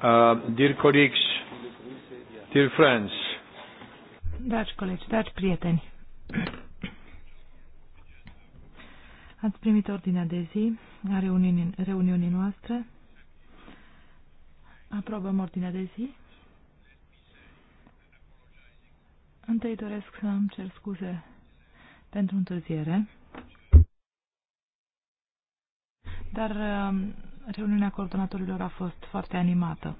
Uh, dear colleagues, dear friends. Dragi colegi, dragi prieteni. Ați primit ordinea de zi a reuniunii, reuniunii noastre. Aprobăm ordinea de zi. Întâi doresc să îmi cer scuze pentru întârziere. Dar uh, reuniunea coordonatorilor a fost foarte animată.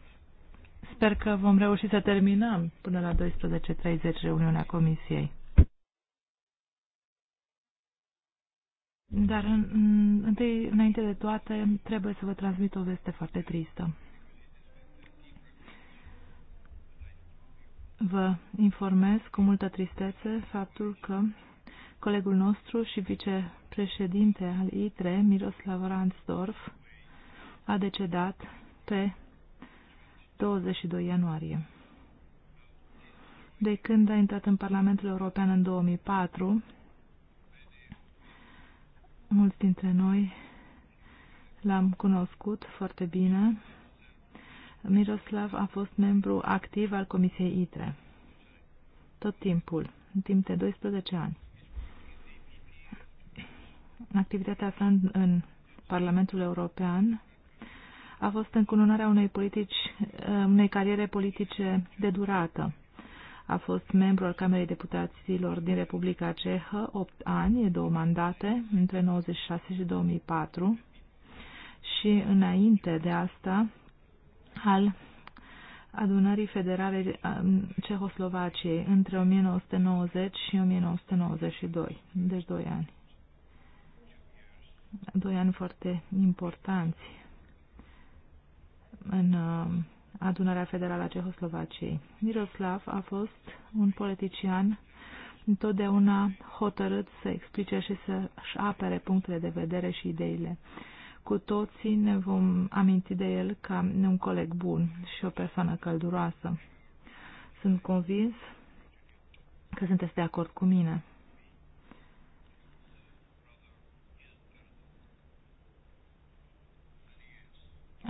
Sper că vom reuși să terminăm până la 12.30 reuniunea comisiei. Dar în, în, întâi, înainte de toate, trebuie să vă transmit o veste foarte tristă. Vă informez cu multă tristețe faptul că colegul nostru și vicepreședinte al ITRE, Miroslav Ransdorf, a decedat pe 22 ianuarie. De când a intrat în Parlamentul European în 2004, mulți dintre noi l-am cunoscut foarte bine. Miroslav a fost membru activ al Comisiei ITRE tot timpul, în timp de 12 ani. Activitatea sa în Parlamentul European a fost încununarea unei, politici, unei cariere politice de durată. A fost membru al Camerei Deputaților din Republica Cehă 8 ani, două mandate, între 96 și 2004 și înainte de asta al adunării federale um, Cehoslovaciei între 1990 și 1992, deci doi ani. Doi ani foarte importanți în uh, adunarea federală a Cehoslovaciei. Miroslav a fost un politician întotdeauna hotărât să explice și să-și apere punctele de vedere și ideile. Cu toții ne vom aminti de el ca un coleg bun și o persoană călduroasă. Sunt convins că sunteți de acord cu mine.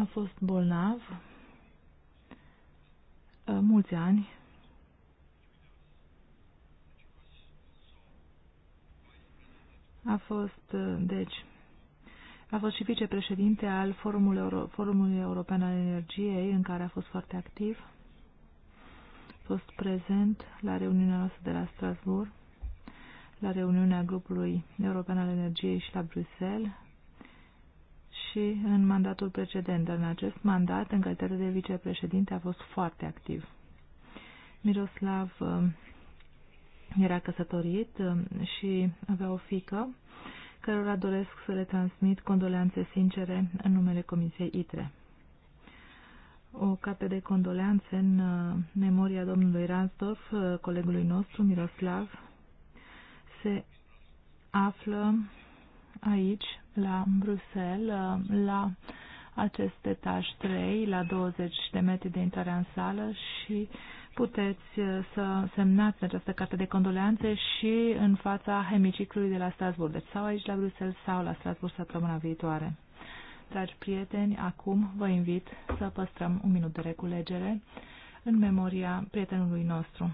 a fost bolnav ă, mulți ani. A fost, ă, deci, a fost și vicepreședinte al Forumului, Euro Forumului European al Energiei, în care a fost foarte activ. A fost prezent la reuniunea noastră de la Strasbourg, la reuniunea grupului European al Energiei și la Bruxelles, și în mandatul precedent, dar în acest mandat, în calitate de vicepreședinte, a fost foarte activ. Miroslav uh, era căsătorit uh, și avea o fică, cărora doresc să le transmit condoleanțe sincere în numele Comisiei ITRE. O carte de condoleanțe în uh, memoria domnului Ransdorf, colegului nostru, Miroslav, se află aici, la Bruxelles, uh, la acest etaj 3, la 20 de metri de intrare în sală și puteți uh, să semnați această carte de condoleanțe și în fața hemiciclului de la Strasburg. Deci sau aici la Bruxelles sau la Strasburg săptămâna viitoare. Dragi prieteni, acum vă invit să păstrăm un minut de reculegere în memoria prietenului nostru.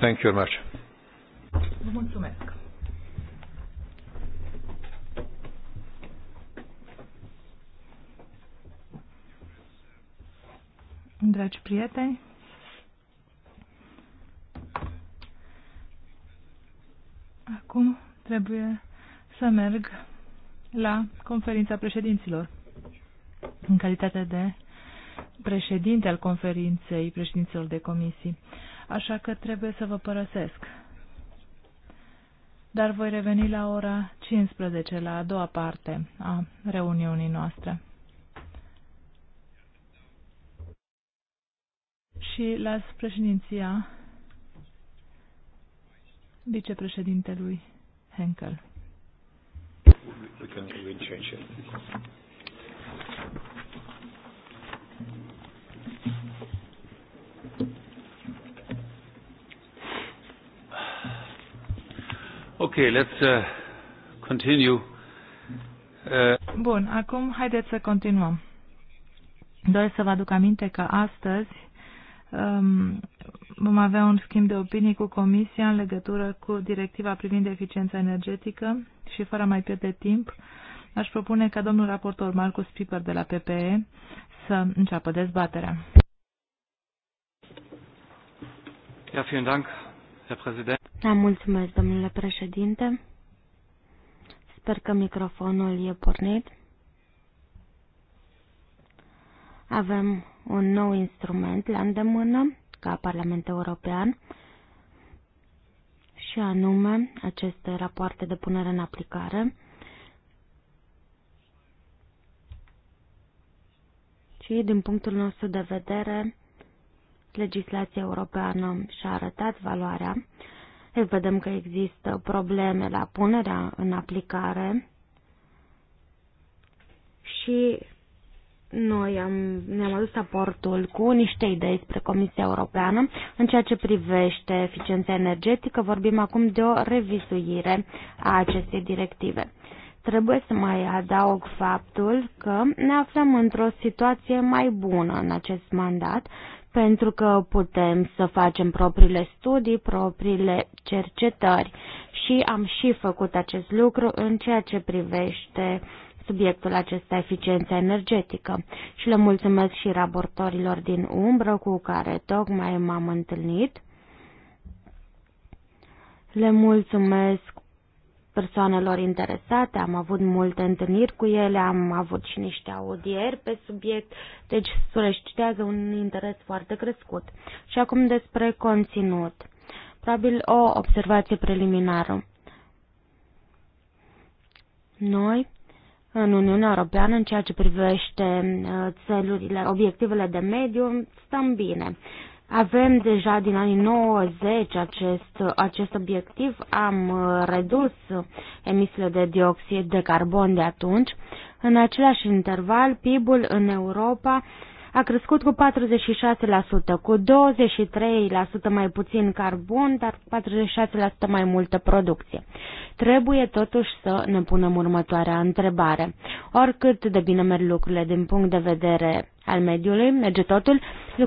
Thank you very much. Vă mulțumesc. Dragi prieteni, acum trebuie să merg la conferința președinților. În calitate de președinte al conferinței președinților de comisii așa că trebuie să vă părăsesc. Dar voi reveni la ora 15, la a doua parte a reuniunii noastre. Și las președinția vicepreședintelui Henkel. We can, we can Okay, let's uh, continue. Uh... Bun, acum haideți să continuăm. Doresc să vă aduc aminte că astăzi um, vom avea un schimb de opinii cu Comisia în legătură cu directiva privind eficiența energetică și fără mai pierde timp, aș propune ca domnul raportor Marcus Piper de la PPE să înceapă dezbaterea. Ja, vielen Dank, Herr Präsident. Da, mulțumesc, domnule președinte. Sper că microfonul e pornit. Avem un nou instrument la îndemână ca Parlament European și anume aceste rapoarte de punere în aplicare și din punctul nostru de vedere legislația europeană și-a arătat valoarea Vedem că există probleme la punerea în aplicare și noi am, ne-am adus aportul cu niște idei spre Comisia Europeană în ceea ce privește eficiența energetică. Vorbim acum de o revizuire a acestei directive. Trebuie să mai adaug faptul că ne aflăm într-o situație mai bună în acest mandat pentru că putem să facem propriile studii, propriile cercetări și am și făcut acest lucru în ceea ce privește subiectul acesta eficiența energetică și le mulțumesc și raportorilor din umbră cu care tocmai m-am întâlnit. Le mulțumesc persoanelor interesate, am avut multe întâlniri cu ele, am avut și niște audieri pe subiect, deci solicitează un interes foarte crescut. Și acum despre conținut. Probabil o observație preliminară. Noi, în Uniunea Europeană, în ceea ce privește uh, țelurile, obiectivele de mediu, stăm bine. Avem deja din anii 90 acest, acest obiectiv, am uh, redus emisiile de dioxid de carbon de atunci. În același interval, PIB-ul în Europa a crescut cu 46%, cu 23% mai puțin carbon, dar 46% mai multă producție. Trebuie totuși să ne punem următoarea întrebare. Oricât de bine merg lucrurile din punct de vedere al mediului, merge totul,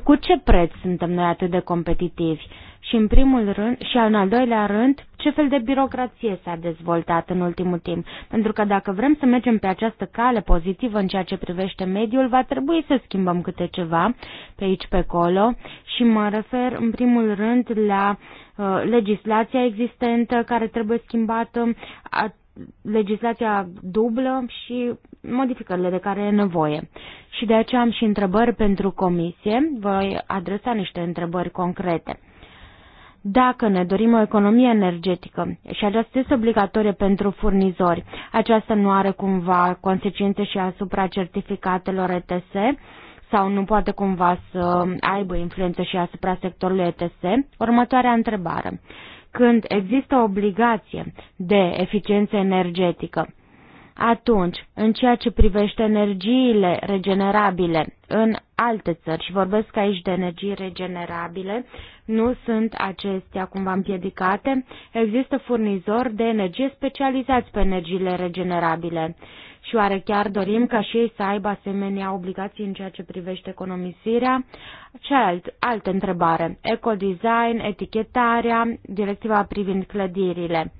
cu ce preț suntem noi atât de competitivi? Și în primul rând, și în al doilea rând, ce fel de birocrație s-a dezvoltat în ultimul timp? Pentru că dacă vrem să mergem pe această cale pozitivă în ceea ce privește mediul, va trebui să schimbăm câte ceva pe aici, pe acolo. Și mă refer în primul rând la uh, legislația existentă care trebuie schimbată, legislația dublă și modificările de care e nevoie. Și de aceea am și întrebări pentru comisie. Voi adresa niște întrebări concrete. Dacă ne dorim o economie energetică și aceasta este obligatorie pentru furnizori, aceasta nu are cumva consecințe și asupra certificatelor ETS sau nu poate cumva să aibă influență și asupra sectorului ETS? Următoarea întrebare când există obligație de eficiență energetică. Atunci, în ceea ce privește energiile regenerabile în alte țări, și vorbesc aici de energii regenerabile, nu sunt acestea cumva împiedicate, există furnizori de energie specializați pe energiile regenerabile. Și oare chiar dorim ca și ei să aibă asemenea obligații în ceea ce privește economisirea? Cealalt, altă întrebare, ecodesign, etichetarea, directiva privind clădirile.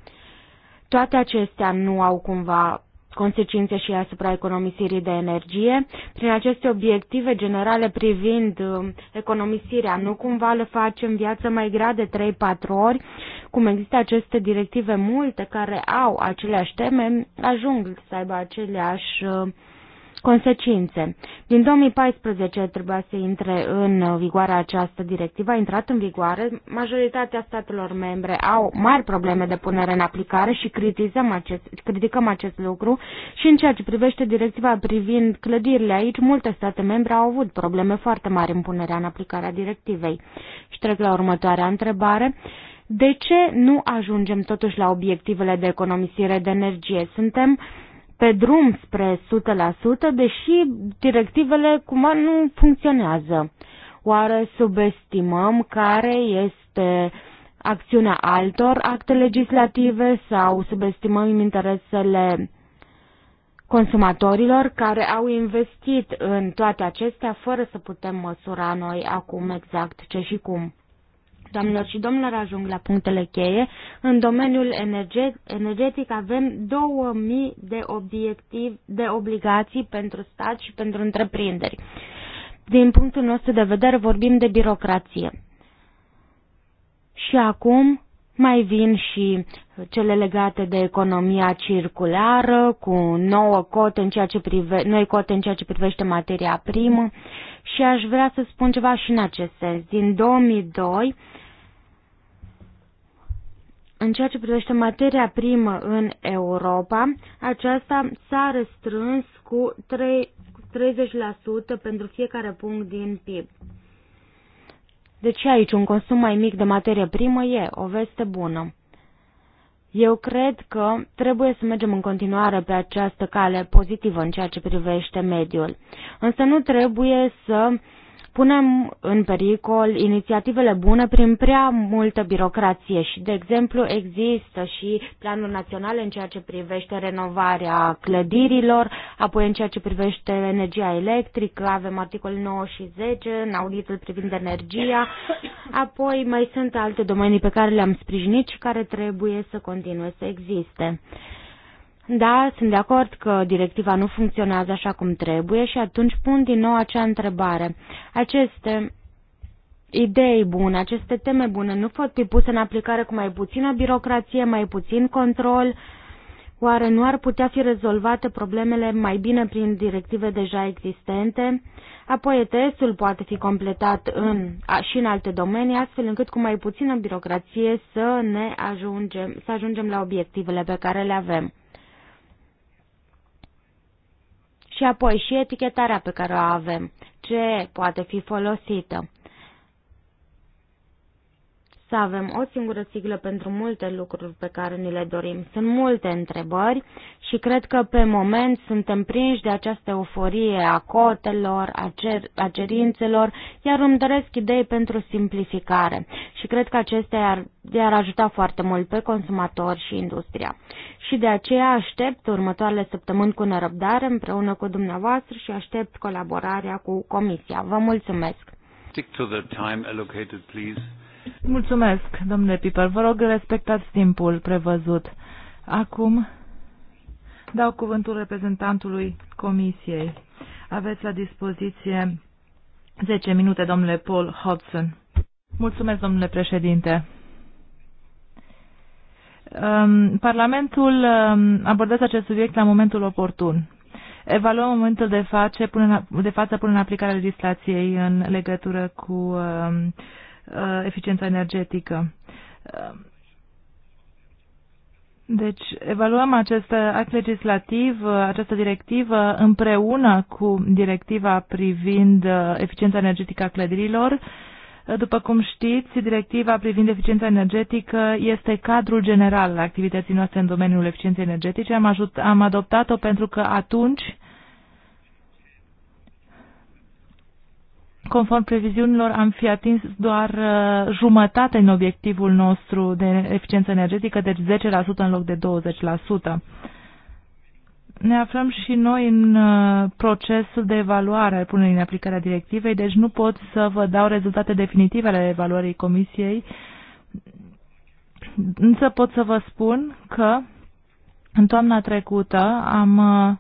Toate acestea nu au cumva consecințe și asupra economisirii de energie. Prin aceste obiective generale privind um, economisirea, nu cumva le facem viața mai grea de 3-4 ori, cum există aceste directive multe care au aceleași teme, ajung să aibă aceleași uh, Consecințe. Din 2014 trebuia să intre în vigoare această directivă. A intrat în vigoare. Majoritatea statelor membre au mari probleme de punere în aplicare și criticăm acest, criticăm acest lucru. Și în ceea ce privește directiva privind clădirile aici, multe state membre au avut probleme foarte mari în punerea în aplicare a directivei. Și trec la următoarea întrebare. De ce nu ajungem totuși la obiectivele de economisire de energie? Suntem uh, pe drum spre 100%, deși directivele cumva nu funcționează. Oare subestimăm care este acțiunea altor acte legislative sau subestimăm interesele consumatorilor care au investit în toate acestea fără să putem măsura noi acum exact ce și cum doamnelor și domnilor, ajung la punctele cheie. În domeniul energetic avem 2000 de, obiectiv, de obligații pentru stat și pentru întreprinderi. Din punctul nostru de vedere vorbim de birocrație. Și acum mai vin și cele legate de economia circulară, cu nouă cote în ceea ce prive, noi cote în ceea ce privește materia primă și aș vrea să spun ceva și în acest sens. Din 2002 în ceea ce privește materia primă în Europa, aceasta s-a restrâns cu 30% pentru fiecare punct din PIB. Deci aici un consum mai mic de materie primă e o veste bună. Eu cred că trebuie să mergem în continuare pe această cale pozitivă în ceea ce privește mediul. Însă nu trebuie să uh, punem în pericol inițiativele bune prin prea multă birocrație și, de exemplu, există și planul național în ceea ce privește renovarea clădirilor, apoi în ceea ce privește energia electrică, avem articolul 9 și 10 în auditul privind energia, apoi mai sunt alte domenii pe care le-am sprijinit și care trebuie să continue să existe. Da, sunt de acord că directiva nu funcționează așa cum trebuie și atunci pun din nou acea întrebare. Aceste idei bune, aceste teme bune nu pot fi puse în aplicare cu mai puțină birocrație, mai puțin control? Oare nu ar putea fi rezolvate problemele mai bine prin directive deja existente? Apoi ETS-ul poate fi completat în, și în alte domenii, astfel încât cu mai puțină birocrație să ne ajungem, să ajungem la obiectivele pe care le avem. și apoi și etichetarea pe care o avem, ce poate fi folosită să avem o singură siglă pentru multe lucruri pe care ni le dorim. Sunt multe întrebări și cred că pe moment suntem prinși de această euforie a cotelor, a, cer, a cerințelor, iar îmi doresc idei pentru simplificare și cred că acestea ar, ar ajuta foarte mult pe consumatori și industria. Și de aceea aștept următoarele săptămâni cu nerăbdare împreună cu dumneavoastră și aștept colaborarea cu Comisia. Vă mulțumesc! Stick to the time allocated, please. Mulțumesc, domnule Piper. Vă rog, respectați timpul prevăzut. Acum dau cuvântul reprezentantului Comisiei. Aveți la dispoziție 10 minute, domnule Paul Hodson. Mulțumesc, domnule președinte. Um, Parlamentul um, abordează acest subiect la momentul oportun. Evaluăm momentul de, față, de față până în aplicarea legislației în legătură cu um, Uh, eficiența energetică. Uh, deci, evaluăm acest act legislativ, uh, această directivă, împreună cu directiva privind eficiența energetică a clădirilor. După cum știți, directiva privind eficiența energetică este cadrul general al activității noastre în domeniul eficienței energetice. Am, ajut, am adoptat-o pentru că atunci Conform previziunilor, am fi atins doar uh, jumătate în obiectivul nostru de eficiență energetică, deci 10% în loc de 20%. Ne aflăm și noi în uh, procesul de evaluare al punerii în aplicare a directivei, deci nu pot să vă dau rezultate definitive ale evaluării comisiei, însă pot să vă spun că în toamna trecută am uh,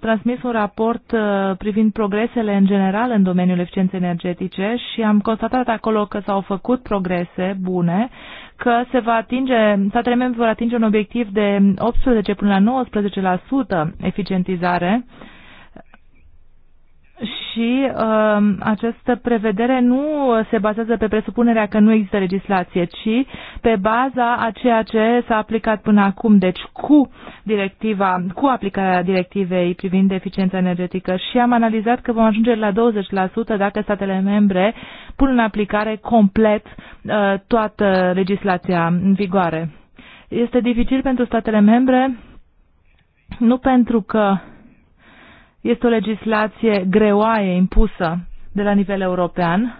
transmis un raport uh, privind progresele în general în domeniul eficienței energetice și am constatat acolo că s-au făcut progrese bune, că se va atinge, statele membre vor atinge un obiectiv de 18 până la 19% eficientizare și uh, această prevedere nu se bazează pe presupunerea că nu există legislație, ci pe baza a ceea ce s-a aplicat până acum, deci cu directiva, cu aplicarea directivei privind eficiența energetică și am analizat că vom ajunge la 20% dacă statele membre pun în aplicare complet uh, toată legislația în vigoare. Este dificil pentru statele membre nu pentru că este o legislație greoaie impusă de la nivel european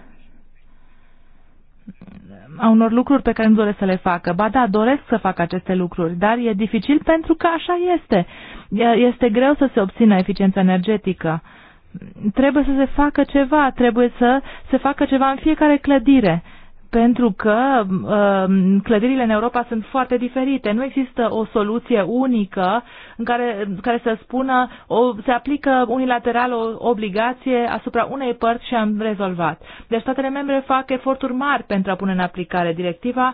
a unor lucruri pe care nu doresc să le facă. Ba da, doresc să fac aceste lucruri, dar e dificil pentru că așa este. Este greu să se obțină eficiența energetică. Trebuie să se facă ceva, trebuie să se facă ceva în fiecare clădire pentru că uh, clădirile în Europa sunt foarte diferite. Nu există o soluție unică în care, care să spună o, se aplică unilateral o obligație asupra unei părți și am rezolvat. Deci statele membre fac eforturi mari pentru a pune în aplicare directiva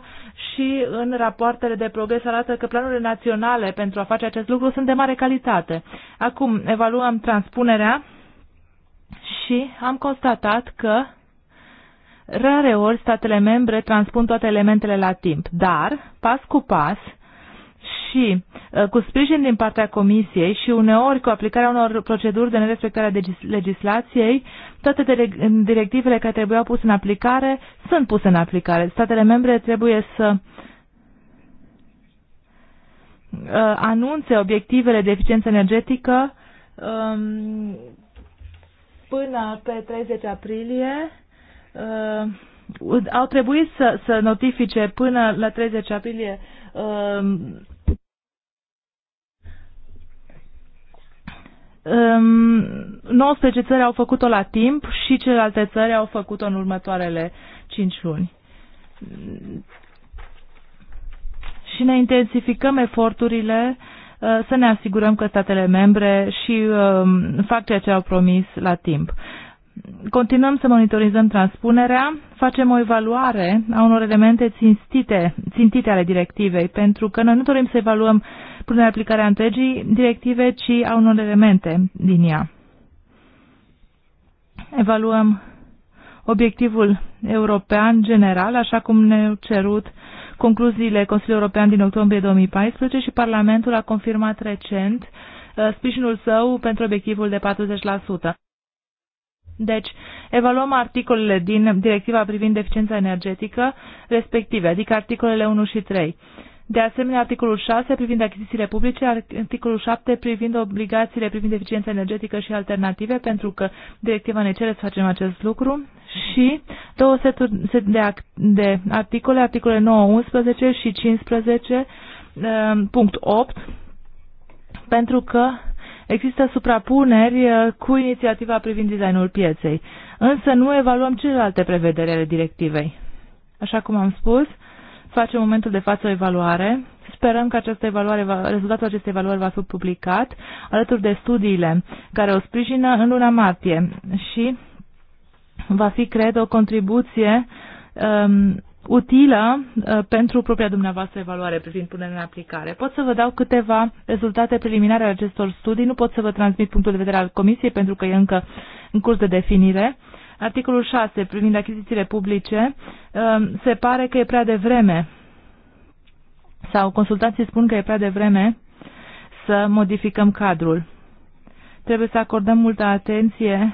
și în rapoartele de progres arată că planurile naționale pentru a face acest lucru sunt de mare calitate. Acum evaluăm transpunerea și am constatat că Rare ori statele membre transpun toate elementele la timp, dar, pas cu pas, și uh, cu sprijin din partea Comisiei și uneori cu aplicarea unor proceduri de nerespectare a legislației, toate directivele care trebuiau puse în aplicare sunt puse în aplicare. Statele membre trebuie să uh, anunțe obiectivele de eficiență energetică um, până pe 30 aprilie uh, au trebuit să, să notifice până la 30 aprilie uh, Um, 19 um, țări au făcut-o la timp și celelalte țări au făcut-o în următoarele 5 luni. Și ne intensificăm eforturile uh, să ne asigurăm că statele membre și um, fac ceea ce au promis la timp continuăm să monitorizăm transpunerea, facem o evaluare a unor elemente țintite, țintite ale directivei, pentru că noi nu dorim să evaluăm până aplicarea întregii directive, ci a unor elemente din ea. Evaluăm obiectivul european general, așa cum ne-au cerut concluziile Consiliului European din octombrie 2014 și Parlamentul a confirmat recent uh, sprijinul său pentru obiectivul de 40%. Deci, evaluăm articolele din directiva privind eficiența energetică respective, adică articolele 1 și 3. De asemenea, articolul 6 privind achizițiile publice, articolul 7 privind obligațiile privind eficiența energetică și alternative, pentru că directiva ne cere să facem acest lucru, și două seturi de, de articole, articole 9, 11 și 15, ehm, punct 8, pentru că Există suprapuneri uh, cu inițiativa privind designul pieței, însă nu evaluăm celelalte prevederi ale directivei. Așa cum am spus, facem momentul de față o evaluare. Sperăm că această evaluare va, rezultatul acestei evaluări va fi publicat alături de studiile care o sprijină în luna martie și va fi, cred, o contribuție um, utilă uh, pentru propria dumneavoastră evaluare privind punerea în aplicare. Pot să vă dau câteva rezultate preliminare ale acestor studii, nu pot să vă transmit punctul de vedere al Comisiei pentru că e încă în curs de definire. Articolul 6 privind achizițiile publice um, se pare că e prea devreme sau consultanții spun că e prea devreme să modificăm cadrul. Trebuie să acordăm multă atenție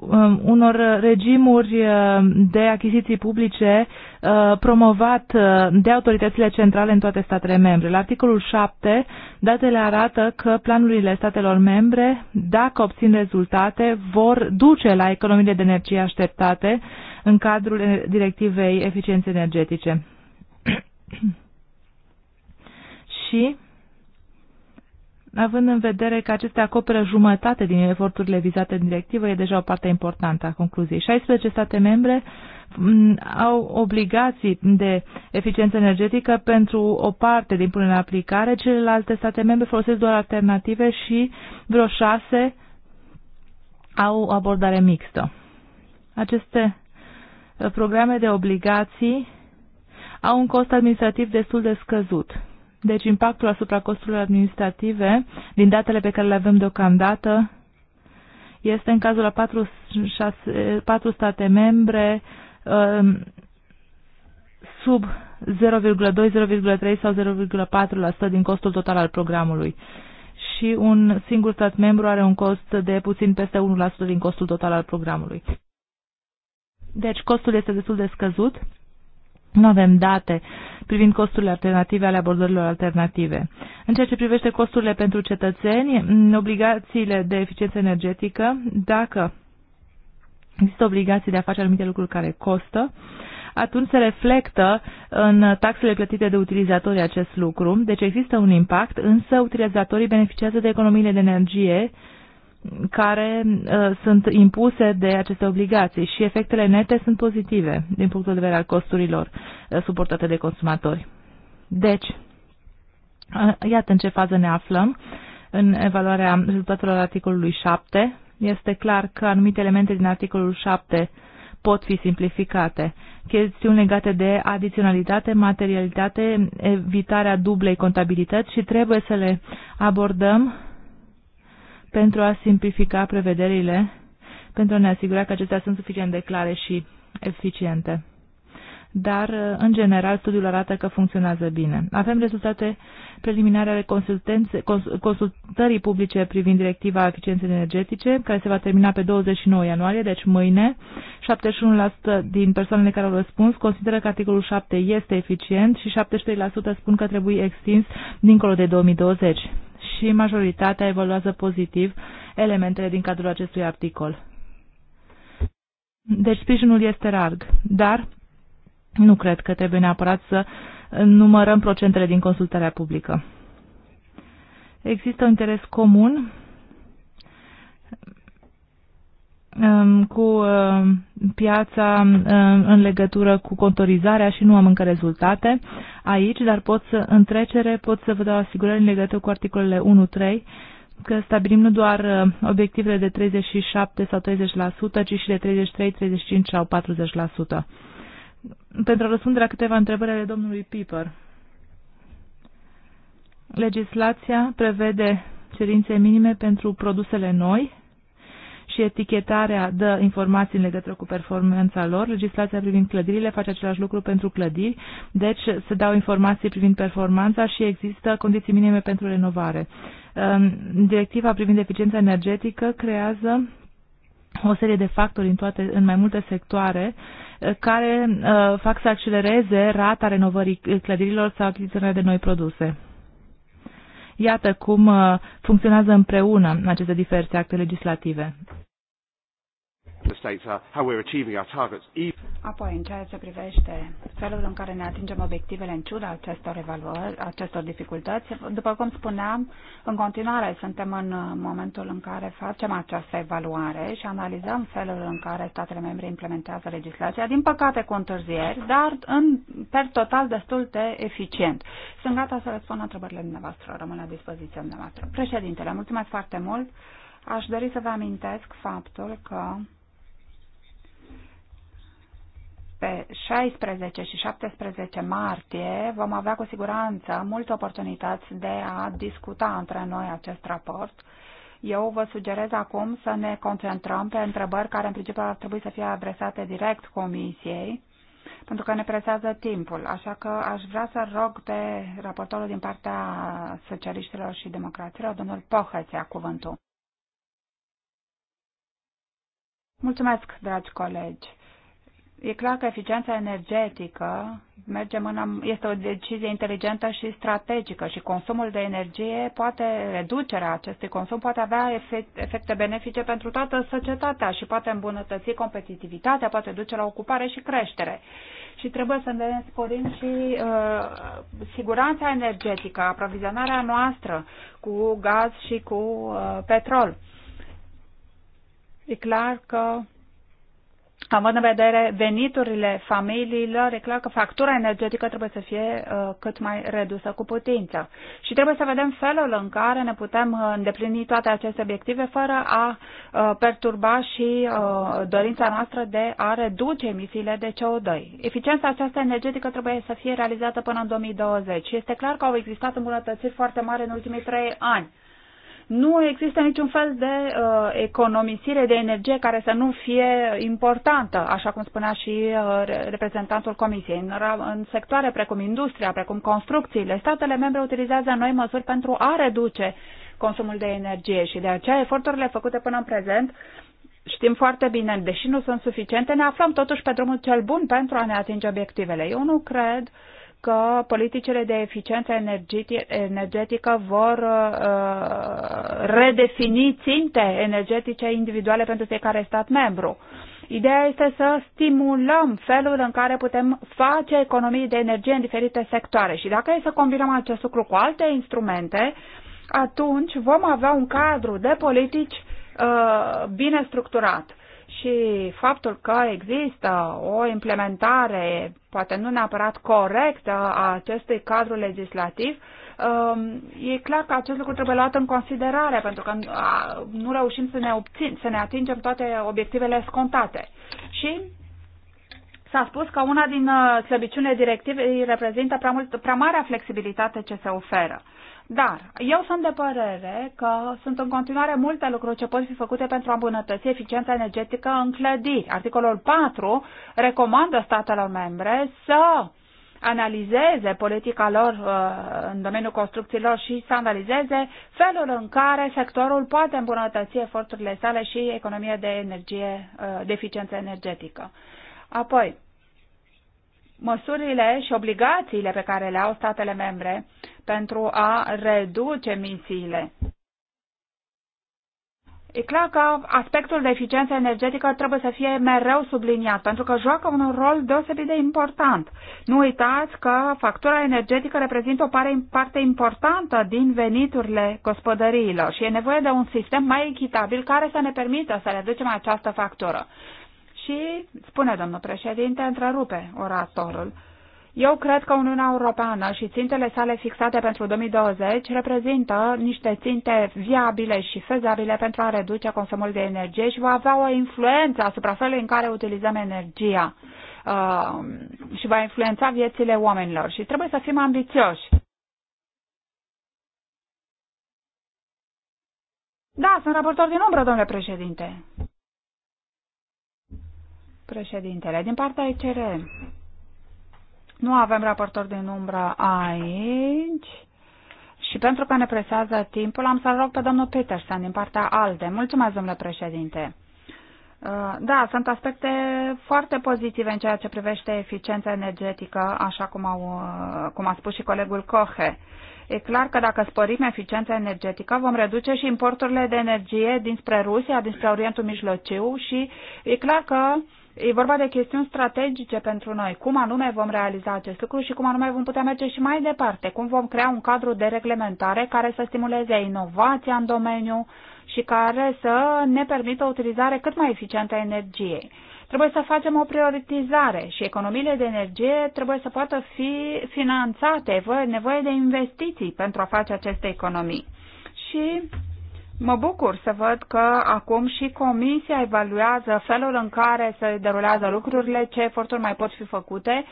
Um, unor regimuri um, de achiziții publice uh, promovat uh, de autoritățile centrale în toate statele membre. La articolul 7, datele arată că planurile statelor membre, dacă obțin rezultate, vor duce la economiile de energie așteptate în cadrul directivei eficienței energetice. Și având în vedere că acestea acoperă jumătate din eforturile vizate în directivă, e deja o parte importantă a concluziei. 16 state membre mm, au obligații de eficiență energetică pentru o parte din punerea în aplicare, celelalte state membre folosesc doar alternative și vreo șase au o abordare mixtă. Aceste eh, programe de obligații au un cost administrativ destul de scăzut deci impactul asupra costurilor administrative din datele pe care le avem deocamdată este în cazul a patru, șase, patru state membre um, sub 0,2, 0,3 sau 0,4% din costul total al programului. Și un singur stat membru are un cost de puțin peste 1% din costul total al programului. Deci costul este destul de scăzut nu avem date privind costurile alternative ale abordărilor alternative. În ceea ce privește costurile pentru cetățeni, mm, obligațiile de eficiență energetică, dacă există obligații de a face anumite lucruri care costă, atunci se reflectă în taxele plătite de utilizatorii acest lucru. Deci există un impact, însă utilizatorii beneficiază de economiile de energie care uh, sunt impuse de aceste obligații și efectele nete sunt pozitive din punctul de vedere al costurilor uh, suportate de consumatori. Deci, uh, iată în ce fază ne aflăm în evaluarea rezultatelor articolului 7. Este clar că anumite elemente din articolul 7 pot fi simplificate. Chestiuni legate de adiționalitate, materialitate, evitarea dublei contabilități și trebuie să le abordăm pentru a simplifica prevederile, pentru a ne asigura că acestea sunt suficient de clare și eficiente. Dar, uh, în general, studiul arată că funcționează bine. Avem rezultate preliminare ale consultării publice privind directiva eficienței energetice, care se va termina pe 29 ianuarie, deci mâine. 71% din persoanele care au răspuns consideră că articolul 7 este eficient și 73% spun că trebuie extins dincolo de 2020 și majoritatea evaluează pozitiv elementele din cadrul acestui articol. Deci sprijinul este larg, dar nu cred că trebuie neapărat să numărăm procentele din consultarea publică. Există un interes comun Um, cu um, piața um, în legătură cu contorizarea și nu am încă rezultate aici, dar pot să, în trecere, pot să vă dau asigurări în legătură cu articolele 1-3 că stabilim nu doar obiectivele de 37 sau 30%, ci și de 33, 35 sau 40%. Pentru a răspunde la câteva întrebări ale domnului Piper, legislația prevede cerințe minime pentru produsele noi, și etichetarea dă informații în legătură cu performanța lor. Legislația privind clădirile face același lucru pentru clădiri, deci se dau informații privind performanța și există condiții minime pentru renovare. Um, directiva privind eficiența energetică creează o serie de factori în, toate, în mai multe sectoare uh, care uh, fac să accelereze rata renovării clădirilor sau achiziționarea de noi produse. Iată cum uh, funcționează împreună aceste diferite acte legislative. Apoi, în ceea ce privește felul în care ne atingem obiectivele în ciuda acestor evaluări, acestor dificultăți, după cum spuneam, în continuare suntem în momentul în care facem această evaluare și analizăm felul în care statele membre implementează legislația, din păcate cu întârzieri, dar în, per total destul de eficient. Sunt gata să răspund la întrebările dumneavoastră, rămân la dispoziția dumneavoastră. Președintele, mulțumesc foarte mult. Aș dori să vă amintesc faptul că pe 16 și 17 martie vom avea cu siguranță multe oportunități de a discuta între noi acest raport. Eu vă sugerez acum să ne concentrăm pe întrebări care în principiu ar trebui să fie adresate direct Comisiei, pentru că ne presează timpul. Așa că aș vrea să rog pe raportorul din partea socialiștilor și democraților, domnul Pohățea, cuvântul. Mulțumesc, dragi colegi. E clar că eficiența energetică merge mână, este o decizie inteligentă și strategică și consumul de energie poate, reducerea acestui consum poate avea efect, efecte benefice pentru toată societatea și poate îmbunătăți competitivitatea, poate duce la ocupare și creștere. Și trebuie să ne sporim și uh, siguranța energetică, aprovizionarea noastră cu gaz și cu uh, petrol. E clar că având în vedere veniturile familiilor, e clar că factura energetică trebuie să fie uh, cât mai redusă cu putință. Și trebuie să vedem felul în care ne putem uh, îndeplini toate aceste obiective fără a uh, perturba și uh, dorința noastră de a reduce emisiile de CO2. Eficiența aceasta energetică trebuie să fie realizată până în 2020 și este clar că au existat îmbunătățiri foarte mari în ultimii trei ani nu există niciun fel de uh, economisire de energie care să nu fie importantă, așa cum spunea și uh, reprezentantul Comisiei. În, în sectoare precum industria, precum construcțiile, statele membre utilizează noi măsuri pentru a reduce consumul de energie și de aceea eforturile făcute până în prezent știm foarte bine, deși nu sunt suficiente, ne aflăm totuși pe drumul cel bun pentru a ne atinge obiectivele. Eu nu cred uh, că politicile de eficiență energetică vor uh, redefini ținte energetice individuale pentru fiecare stat membru. Ideea este să stimulăm felul în care putem face economii de energie în diferite sectoare și dacă e să combinăm acest lucru cu alte instrumente, atunci vom avea un cadru de politici uh, bine structurat și faptul că există o implementare, poate nu neapărat corectă, a acestui cadru legislativ, um, e clar că acest lucru trebuie luat în considerare, pentru că uh, nu reușim să ne, obțin, să ne atingem toate obiectivele scontate. Și s-a spus că una din uh, slăbiciunile directivei reprezintă prea, mult, prea marea flexibilitate ce se oferă. Dar eu sunt de părere că sunt în continuare multe lucruri ce pot fi făcute pentru a îmbunătăți eficiența energetică în clădiri. Articolul 4 recomandă statelor membre să analizeze politica lor uh, în domeniul construcțiilor și să analizeze felul în care sectorul poate îmbunătăți eforturile sale și economia de energie, uh, de eficiență energetică. Apoi, măsurile și obligațiile pe care le au statele membre pentru a reduce emisiile. E clar că aspectul de eficiență energetică trebuie să fie mereu subliniat, pentru că joacă un rol deosebit de important. Nu uitați că factura energetică reprezintă o parte importantă din veniturile gospodăriilor și e nevoie de un sistem mai echitabil care să ne permită să reducem această factură. Și, spune domnul președinte, întrerupe oratorul. Eu cred că Uniunea Europeană și țintele sale fixate pentru 2020 reprezintă niște ținte viabile și fezabile pentru a reduce consumul de energie și va avea o influență asupra felului în care utilizăm energia uh, și va influența viețile oamenilor. Și trebuie să fim ambițioși. Da, sunt raportor din umbră, domnule președinte. Președintele, din partea ECR, nu avem raportor din umbră aici. Și pentru că ne presează timpul, am să-l rog pe domnul Peterson din partea ALDE. Mulțumesc, domnule președinte. Uh, da, sunt aspecte foarte pozitive în ceea ce privește eficiența energetică, așa cum, au, uh, cum a spus și colegul Cohe. E clar că dacă sporim eficiența energetică, vom reduce și importurile de energie dinspre Rusia, dinspre Orientul Mijlociu și e clar că uh, E vorba de chestiuni strategice pentru noi. Cum anume vom realiza acest lucru și cum anume vom putea merge și mai departe. Cum vom crea un cadru de reglementare care să stimuleze inovația în domeniu și care să ne permită o utilizare cât mai eficientă a energiei. Trebuie să facem o prioritizare și economiile de energie trebuie să poată fi finanțate, nevoie de investiții pentru a face aceste economii. Și Mă bucur să văd că acum și Comisia evaluează felul în care se derulează lucrurile, ce eforturi mai pot fi făcute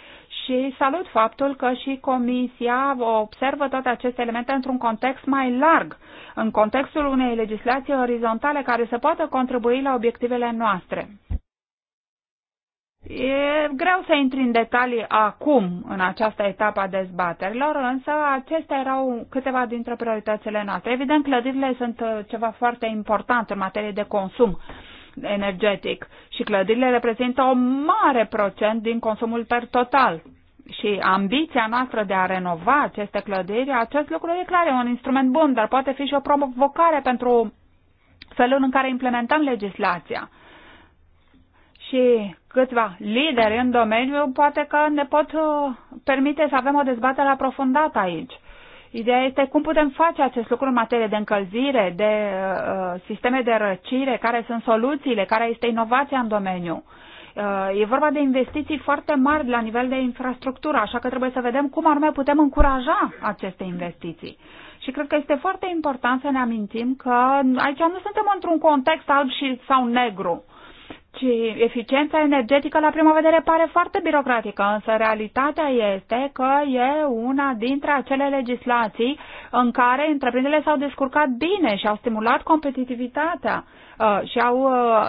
și salut faptul că și Comisia observă toate aceste elemente într-un context mai larg, în contextul unei legislații orizontale care să poată contribui la obiectivele noastre. E greu să intri în detalii acum, în această etapă a dezbaterilor, însă acestea erau câteva dintre prioritățile noastre. Evident, clădirile sunt uh, ceva foarte important în materie de consum energetic și clădirile reprezintă o mare procent din consumul per total. Și ambiția noastră de a renova aceste clădiri, acest lucru e clar, e un instrument bun, dar poate fi și o provocare pentru felul în care implementăm legislația. Și câțiva lideri în domeniu, poate că ne pot uh, permite să avem o dezbatere aprofundată aici. Ideea este cum putem face acest lucru în materie de încălzire, de uh, uh, sisteme de răcire, care sunt soluțiile, care este inovația în domeniu. Uh, e vorba de investiții foarte mari la nivel de infrastructură, așa că trebuie să vedem cum ar mai putem încuraja aceste investiții. Și cred că este foarte important să ne amintim că aici nu suntem într-un context alb și sau negru. Și eficiența energetică la prima vedere pare foarte birocratică, însă realitatea este că e una dintre acele legislații în care întreprinderile s-au descurcat bine și au stimulat competitivitatea uh, și au uh,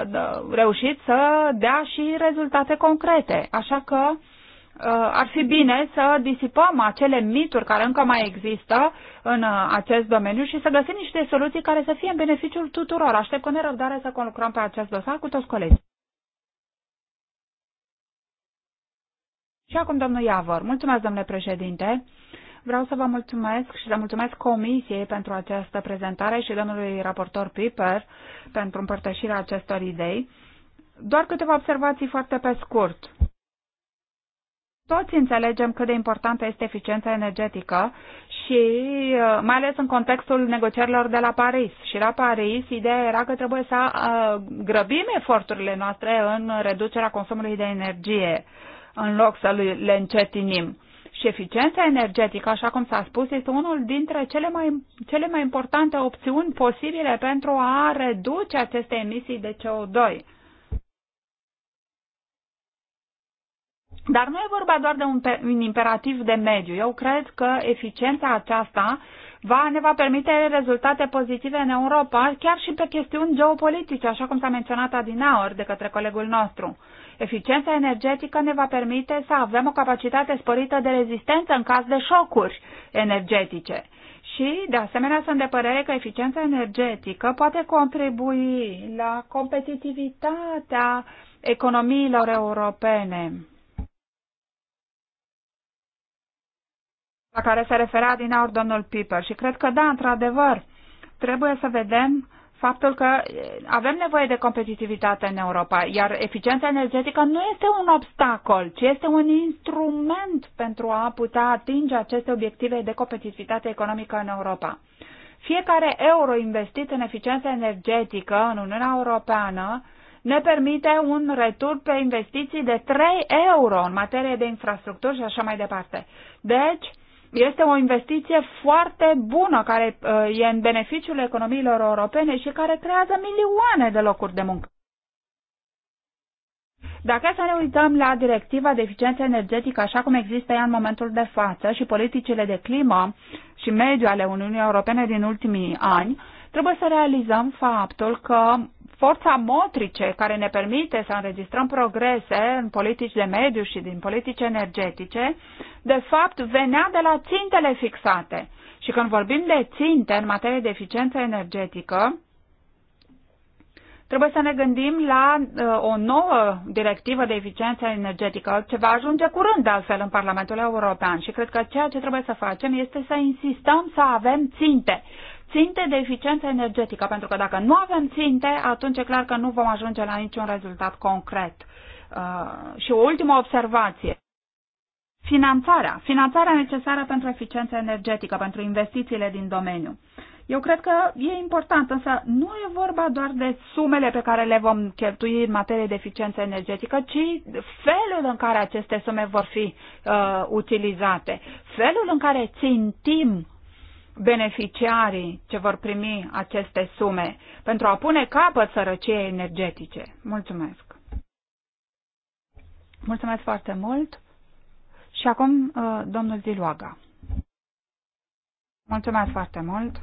reușit să dea și rezultate concrete. Așa că uh, ar fi bine să disipăm acele mituri care încă mai există în acest domeniu și să găsim niște soluții care să fie în beneficiul tuturor. Aștept cu nerăbdare să conlucrăm pe acest dosar cu toți colegii. Și acum, domnul Iavor, mulțumesc, domnule președinte. Vreau să vă mulțumesc și să mulțumesc Comisiei pentru această prezentare și domnului raportor Piper pentru împărtășirea acestor idei. Doar câteva observații foarte pe scurt. Toți înțelegem cât de importantă este eficiența energetică și uh, mai ales în contextul negocierilor de la Paris. Și la Paris ideea era că trebuie să uh, grăbim eforturile noastre în reducerea consumului de energie în loc să le încetinim. Și eficiența energetică, așa cum s-a spus, este unul dintre cele mai, cele mai importante opțiuni posibile pentru a reduce aceste emisii de CO2. Dar nu e vorba doar de un, un imperativ de mediu. Eu cred că eficiența aceasta va, ne va permite rezultate pozitive în Europa, chiar și pe chestiuni geopolitice, așa cum s-a menționat adinaori de către colegul nostru. Eficiența energetică ne va permite să avem o capacitate sporită de rezistență în caz de șocuri energetice. Și, de asemenea, sunt de părere că eficiența energetică poate contribui la competitivitatea economiilor europene. la care se referea din aur domnul Piper. Și cred că, da, într-adevăr, trebuie să vedem faptul că avem nevoie de competitivitate în Europa, iar eficiența energetică nu este un obstacol, ci este un instrument pentru a putea atinge aceste obiective de competitivitate economică în Europa. Fiecare euro investit în eficiența energetică în Uniunea Europeană ne permite un retur pe investiții de 3 euro în materie de infrastructură și așa mai departe. Deci, este o investiție foarte bună care uh, e în beneficiul economiilor europene și care creează milioane de locuri de muncă. Dacă să ne uităm la directiva de eficiență energetică așa cum există ea în momentul de față și politicile de climă și mediu ale Uniunii Europene din ultimii ani, trebuie să realizăm faptul că forța motrice care ne permite să înregistrăm progrese în politici de mediu și din politici energetice, de fapt venea de la țintele fixate. Și când vorbim de ținte în materie de eficiență energetică, trebuie să ne gândim la uh, o nouă directivă de eficiență energetică, ce va ajunge curând, de altfel, în Parlamentul European. Și cred că ceea ce trebuie să facem este să insistăm să avem ținte ținte de eficiență energetică, pentru că dacă nu avem ținte, atunci e clar că nu vom ajunge la niciun rezultat concret. Uh, și o ultimă observație. Finanțarea. Finanțarea necesară pentru eficiența energetică, pentru investițiile din domeniu. Eu cred că e important, însă nu e vorba doar de sumele pe care le vom cheltui în materie de eficiență energetică, ci felul în care aceste sume vor fi uh, utilizate, felul în care țintim beneficiarii ce vor primi aceste sume pentru a pune capăt sărăciei energetice. Mulțumesc! Mulțumesc foarte mult! Și acum, uh, domnul Ziluaga. Mulțumesc foarte mult!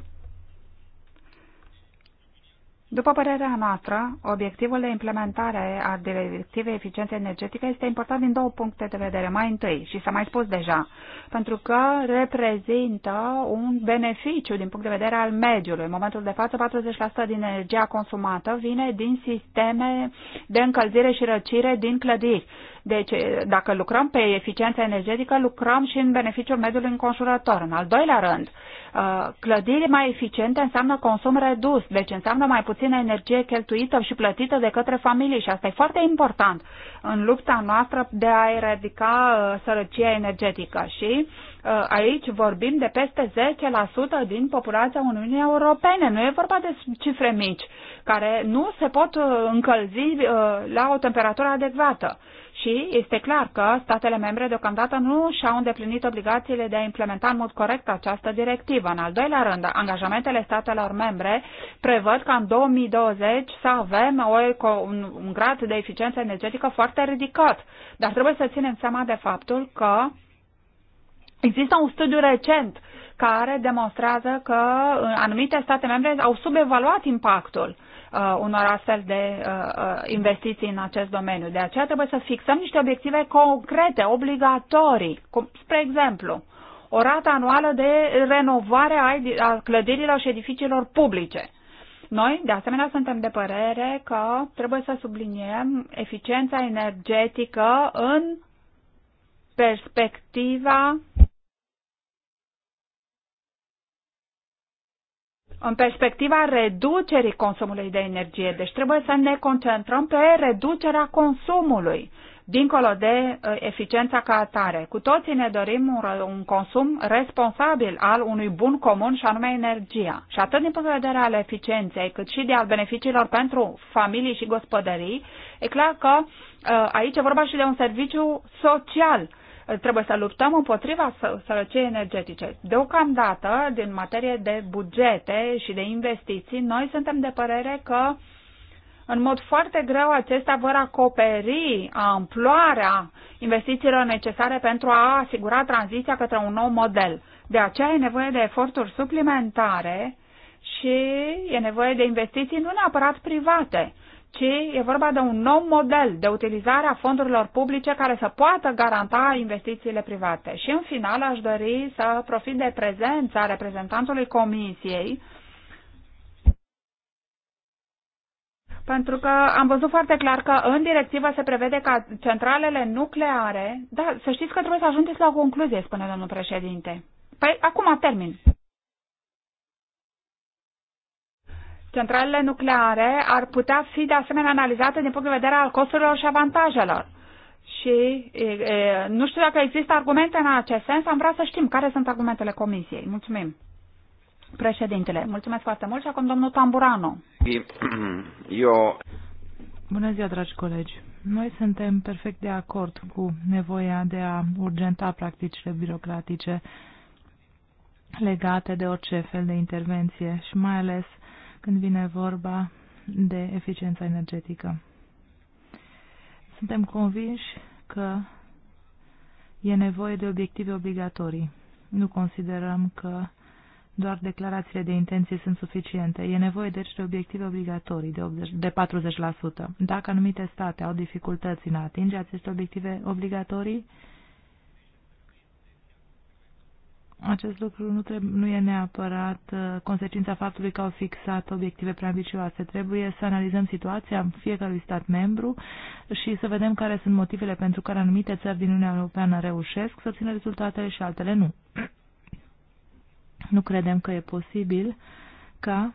După părerea noastră, obiectivul de implementare a directivei eficiență energetice este important din două puncte de vedere. Mai întâi, și s-a mai spus deja, pentru că reprezintă un beneficiu din punct de vedere al mediului. În momentul de față, 40% din energia consumată vine din sisteme de încălzire și răcire din clădiri. Deci, dacă lucrăm pe eficiența energetică, lucrăm și în beneficiul mediului înconjurător. În al doilea rând, uh, clădiri mai eficiente înseamnă consum redus, deci înseamnă mai puțină energie cheltuită și plătită de către familii și asta e foarte important în lupta noastră de a eradica uh, sărăcia energetică și uh, aici vorbim de peste 10% din populația Uniunii Europene. Nu e vorba de cifre mici care nu se pot încălzi la o temperatură adecvată și este clar că statele membre deocamdată nu și-au îndeplinit obligațiile de a implementa în mod corect această directivă. În al doilea rând, angajamentele statelor membre prevăd că în 2020 să avem o, un, un grad de eficiență energetică foarte ridicat, dar trebuie să ținem seama de faptul că există un studiu recent care demonstrează că uh, anumite state membre au subevaluat impactul uh, uh, unor astfel de uh, uh, investiții în acest domeniu. De aceea trebuie să fixăm niște obiective concrete, obligatorii, cum, spre exemplu, o rată anuală de renovare a clădirilor și edificiilor publice. Noi, de asemenea, suntem de părere că trebuie să subliniem eficiența energetică în perspectiva în perspectiva reducerii consumului de energie. Deci trebuie să ne concentrăm pe reducerea consumului, dincolo de uh, eficiența ca atare. Cu toții ne dorim un, un consum responsabil al unui bun comun și anume energia. Și atât din punct de vedere al eficienței, cât și de al beneficiilor pentru familii și gospodării, e clar că uh, aici e vorba și de un serviciu social trebuie să luptăm împotriva sărăciei energetice. Deocamdată, din materie de bugete și de investiții, noi suntem de părere că în mod foarte greu acestea vor acoperi amploarea investițiilor necesare pentru a asigura tranziția către un nou model. De aceea e nevoie de eforturi suplimentare și e nevoie de investiții nu neapărat private, ci e vorba de un nou model de utilizare a fondurilor publice care să poată garanta investițiile private. Și în final aș dori să profit de prezența reprezentantului Comisiei pentru că am văzut foarte clar că în directivă se prevede ca centralele nucleare, da, să știți că trebuie să ajungeți la o concluzie, spune domnul președinte. Păi acum termin. Centralele nucleare ar putea fi de asemenea analizate din punct de vedere al costurilor și avantajelor. Și e, e, nu știu dacă există argumente în acest sens, am vrea să știm care sunt argumentele Comisiei. Mulțumim. Președintele, mulțumesc foarte mult și acum domnul Tamburano. Eu... Bună ziua, dragi colegi. Noi suntem perfect de acord cu nevoia de a urgenta practicile birocratice legate de orice fel de intervenție și mai ales când vine vorba de eficiența energetică. Suntem convinși că e nevoie de obiective obligatorii. Nu considerăm că doar declarațiile de intenție sunt suficiente. E nevoie deci de obiective obligatorii de, 80, de 40%. Dacă anumite state au dificultăți în a atinge aceste obiective obligatorii, acest lucru nu, trebuie, nu e neapărat uh, consecința faptului că au fixat obiective prea ambicioase. Trebuie să analizăm situația fiecărui stat membru și să vedem care sunt motivele pentru care anumite țări din Uniunea Europeană reușesc să obțină rezultatele și altele nu. Nu credem că e posibil ca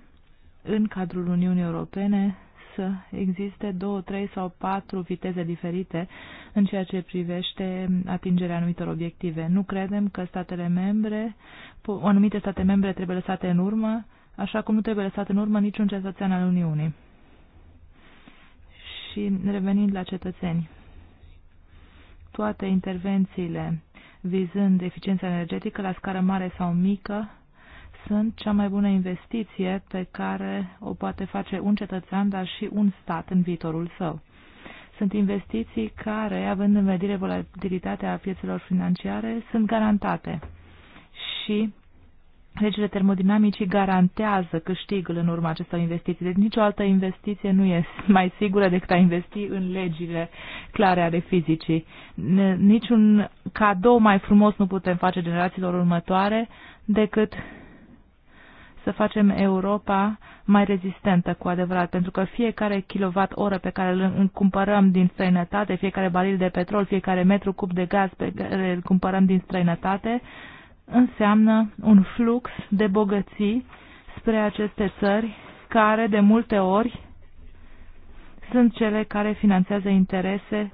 în cadrul Uniunii Europene să existe două, trei sau patru viteze diferite în ceea ce privește atingerea anumitor obiective. Nu credem că statele membre, anumite state membre trebuie lăsate în urmă, așa cum nu trebuie lăsat în urmă niciun cetățean al Uniunii. Și revenind la cetățeni, toate intervențiile vizând eficiența energetică la scară mare sau mică, sunt cea mai bună investiție pe care o poate face un cetățean, dar și un stat în viitorul său. Sunt investiții care, având în vedere volatilitatea piețelor financiare, sunt garantate și legile termodinamicii garantează câștigul în urma acestor investiții. Deci nicio altă investiție nu e mai sigură decât a investi în legile clare ale fizicii. Niciun cadou mai frumos nu putem face generațiilor următoare decât să facem Europa mai rezistentă cu adevărat, pentru că fiecare kilowatt oră pe care îl cumpărăm din străinătate, fiecare baril de petrol, fiecare metru cub de gaz pe care îl cumpărăm din străinătate, înseamnă un flux de bogății spre aceste țări care de multe ori sunt cele care finanțează interese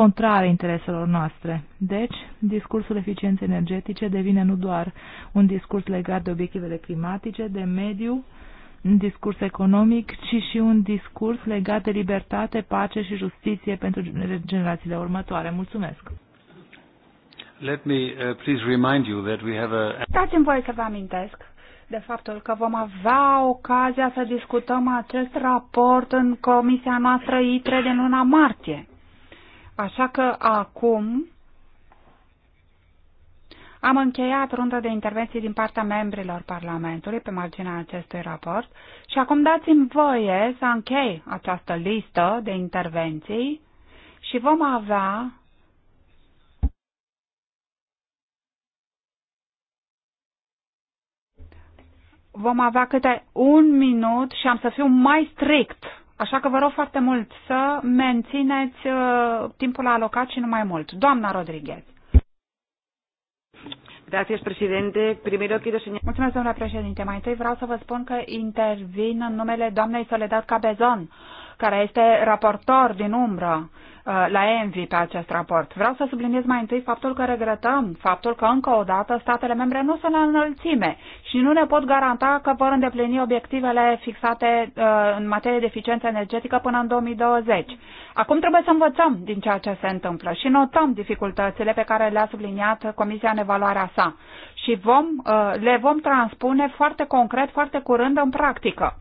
contrare intereselor noastre. Deci, discursul eficienței energetice devine nu doar un discurs legat de obiectivele climatice, de mediu, un discurs economic, ci și un discurs legat de libertate, pace și justiție pentru generațiile următoare. Mulțumesc! Let me uh, please remind you that we have a... Dați-mi voie să vă amintesc de faptul că vom avea ocazia să discutăm acest raport în comisia noastră ITRE din luna martie. Așa că acum am încheiat runda de intervenții din partea membrilor Parlamentului pe marginea acestui raport și acum dați-mi voie să închei această listă de intervenții și vom avea vom avea câte un minut și am să fiu mai strict Așa că vă rog foarte mult să mențineți uh, timpul alocat și nu mai mult. Doamna Rodriguez. Gracias, presidente. Primero quiero señalar... Mulțumesc, domnule președinte. Mai întâi vreau să vă spun că intervin în numele doamnei Soledad Cabezon, care este raportor din umbră uh, la Envi pe acest raport. Vreau să subliniez mai întâi faptul că regretăm faptul că încă o dată statele membre nu sunt la înălțime și nu ne pot garanta că vor îndeplini obiectivele fixate uh, în materie de eficiență energetică până în 2020. Acum trebuie să învățăm din ceea ce se întâmplă și notăm dificultățile pe care le-a subliniat Comisia în evaluarea sa și vom, uh, le vom transpune foarte concret, foarte curând în practică.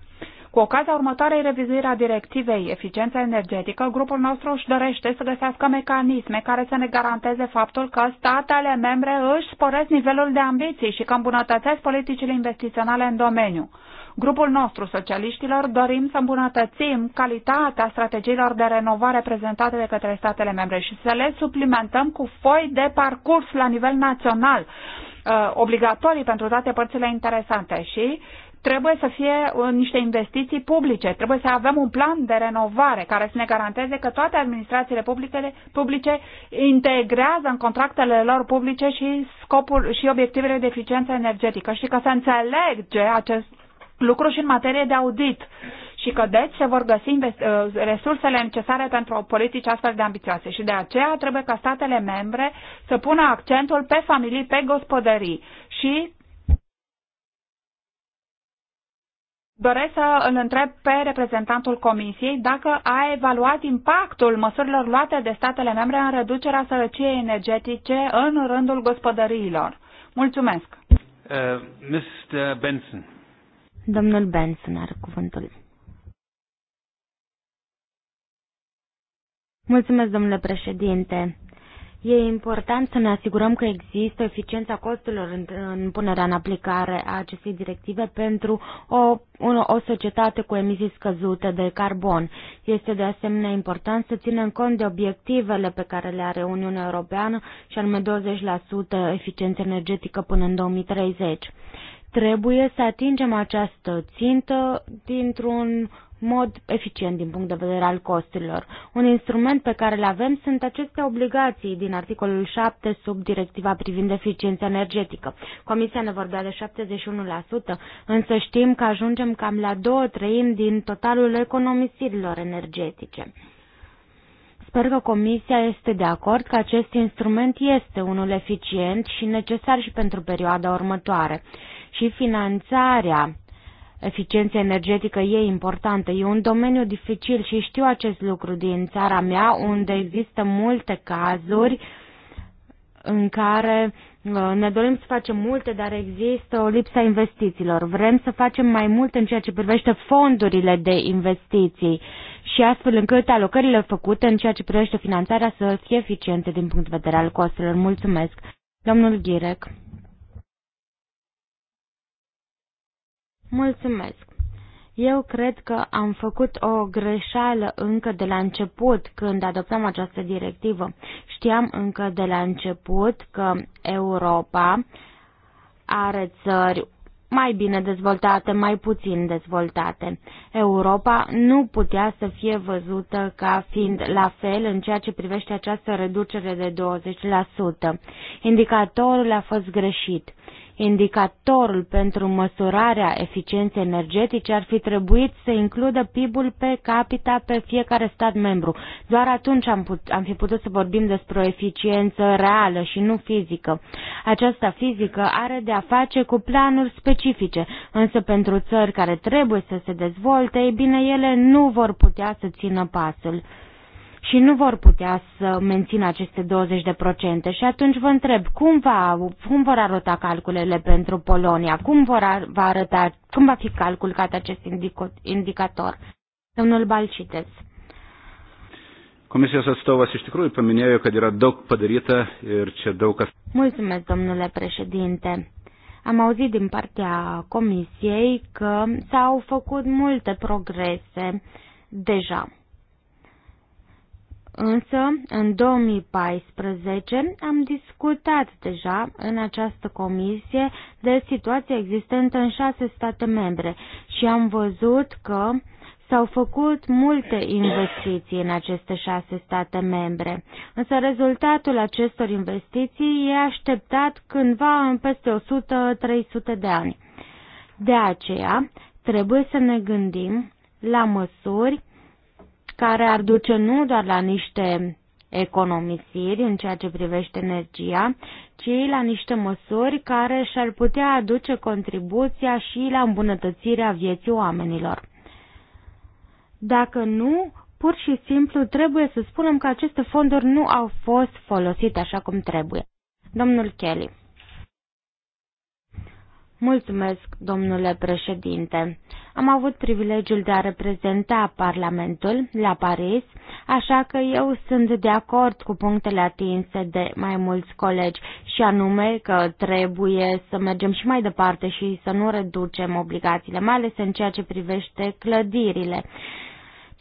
Cu ocazia următoarei revizuiri a directivei eficiența energetică, grupul nostru își dorește să găsească mecanisme care să ne garanteze faptul că statele membre își sporesc nivelul de ambiții și că îmbunătățesc politicile investiționale în domeniu. Grupul nostru, socialiștilor, dorim să îmbunătățim calitatea strategiilor de renovare prezentate de către statele membre și să le suplimentăm cu foi de parcurs la nivel național, uh, obligatorii pentru toate părțile interesante și trebuie să fie uh, niște investiții publice, trebuie să avem un plan de renovare care să ne garanteze că toate administrațiile publice, publice integrează în contractele lor publice și scopul și obiectivele de eficiență energetică și că se înțelege acest lucru și în materie de audit și că deci se vor găsi uh, resursele necesare pentru o politică astfel de ambițioase și de aceea trebuie ca statele membre să pună accentul pe familii, pe gospodării și Doresc să îl întreb pe reprezentantul Comisiei dacă a evaluat impactul măsurilor luate de statele membre în reducerea sărăciei energetice în rândul gospodăriilor. Mulțumesc. Uh, Mr. Benson. Domnul Benson are cuvântul. Mulțumesc, domnule președinte. E important să ne asigurăm că există eficiența costurilor în, în punerea în aplicare a acestei directive pentru o, un, o societate cu emisii scăzute de carbon. Este de asemenea important să ținem cont de obiectivele pe care le are Uniunea Europeană și anume 20% eficiență energetică până în 2030. Trebuie să atingem această țintă dintr-un mod eficient din punct de vedere al costurilor. Un instrument pe care îl avem sunt aceste obligații din articolul 7 sub directiva privind eficiența energetică. Comisia ne vorbea de 71%, însă știm că ajungem cam la două treimi din totalul economisirilor energetice. Sper că Comisia este de acord că acest instrument este unul eficient și necesar și pentru perioada următoare. Și finanțarea Eficiența energetică e importantă, e un domeniu dificil și știu acest lucru din țara mea, unde există multe cazuri în care uh, ne dorim să facem multe, dar există o lipsă a investițiilor. Vrem să facem mai mult în ceea ce privește fondurile de investiții și astfel încât alocările făcute în ceea ce privește finanțarea să fie eficiente din punct de vedere al costurilor. Mulțumesc. Domnul Ghirec. Mulțumesc! Eu cred că am făcut o greșeală încă de la început când adoptăm această directivă. Știam încă de la început că Europa are țări mai bine dezvoltate, mai puțin dezvoltate. Europa nu putea să fie văzută ca fiind la fel în ceea ce privește această reducere de 20%. Indicatorul a fost greșit. Indicatorul pentru măsurarea eficienței energetice ar fi trebuit să includă PIB-ul pe capita pe fiecare stat membru. Doar atunci am, put, am fi putut să vorbim despre o eficiență reală și nu fizică. Aceasta fizică are de a face cu planuri specifice, însă pentru țări care trebuie să se dezvolte, ei bine, ele nu vor putea să țină pasul și nu vor putea să mențină aceste 20% și atunci vă întreb cum, va, cum vor arăta calculele pentru Polonia, cum vor ar, va arăta, cum va fi calculat acest indicator. Domnul Balcites. Komisijos atstovas iš tikrųjų paminėjo, kad yra daug padaryta ir čia daug kas. Mulțumesc, domnule președinte. Am auzit din partea comisiei că s-au făcut multe progrese deja. Însă, în 2014 am discutat deja în această comisie de situația existentă în șase state membre și am văzut că s-au făcut multe investiții în aceste șase state membre. Însă rezultatul acestor investiții e așteptat cândva în peste 100-300 de ani. De aceea, trebuie să ne gândim la măsuri care ar duce nu doar la niște economisiri în ceea ce privește energia, ci la niște măsuri care și-ar putea aduce contribuția și la îmbunătățirea vieții oamenilor. Dacă nu, pur și simplu trebuie să spunem că aceste fonduri nu au fost folosite așa cum trebuie. Domnul Kelly Mulțumesc, domnule președinte. Am avut privilegiul de a reprezenta Parlamentul la Paris, așa că eu sunt de acord cu punctele atinse de mai mulți colegi și anume că trebuie să mergem și mai departe și să nu reducem obligațiile, mai ales în ceea ce privește clădirile.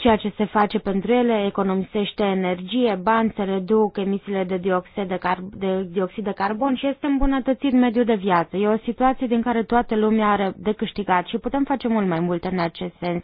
Ceea ce se face pentru ele economisește energie, bani, se reduc emisiile de dioxid de, car- de dioxid de carbon și este îmbunătățit mediul de viață. E o situație din care toată lumea are de câștigat și putem face mult mai multe în acest sens.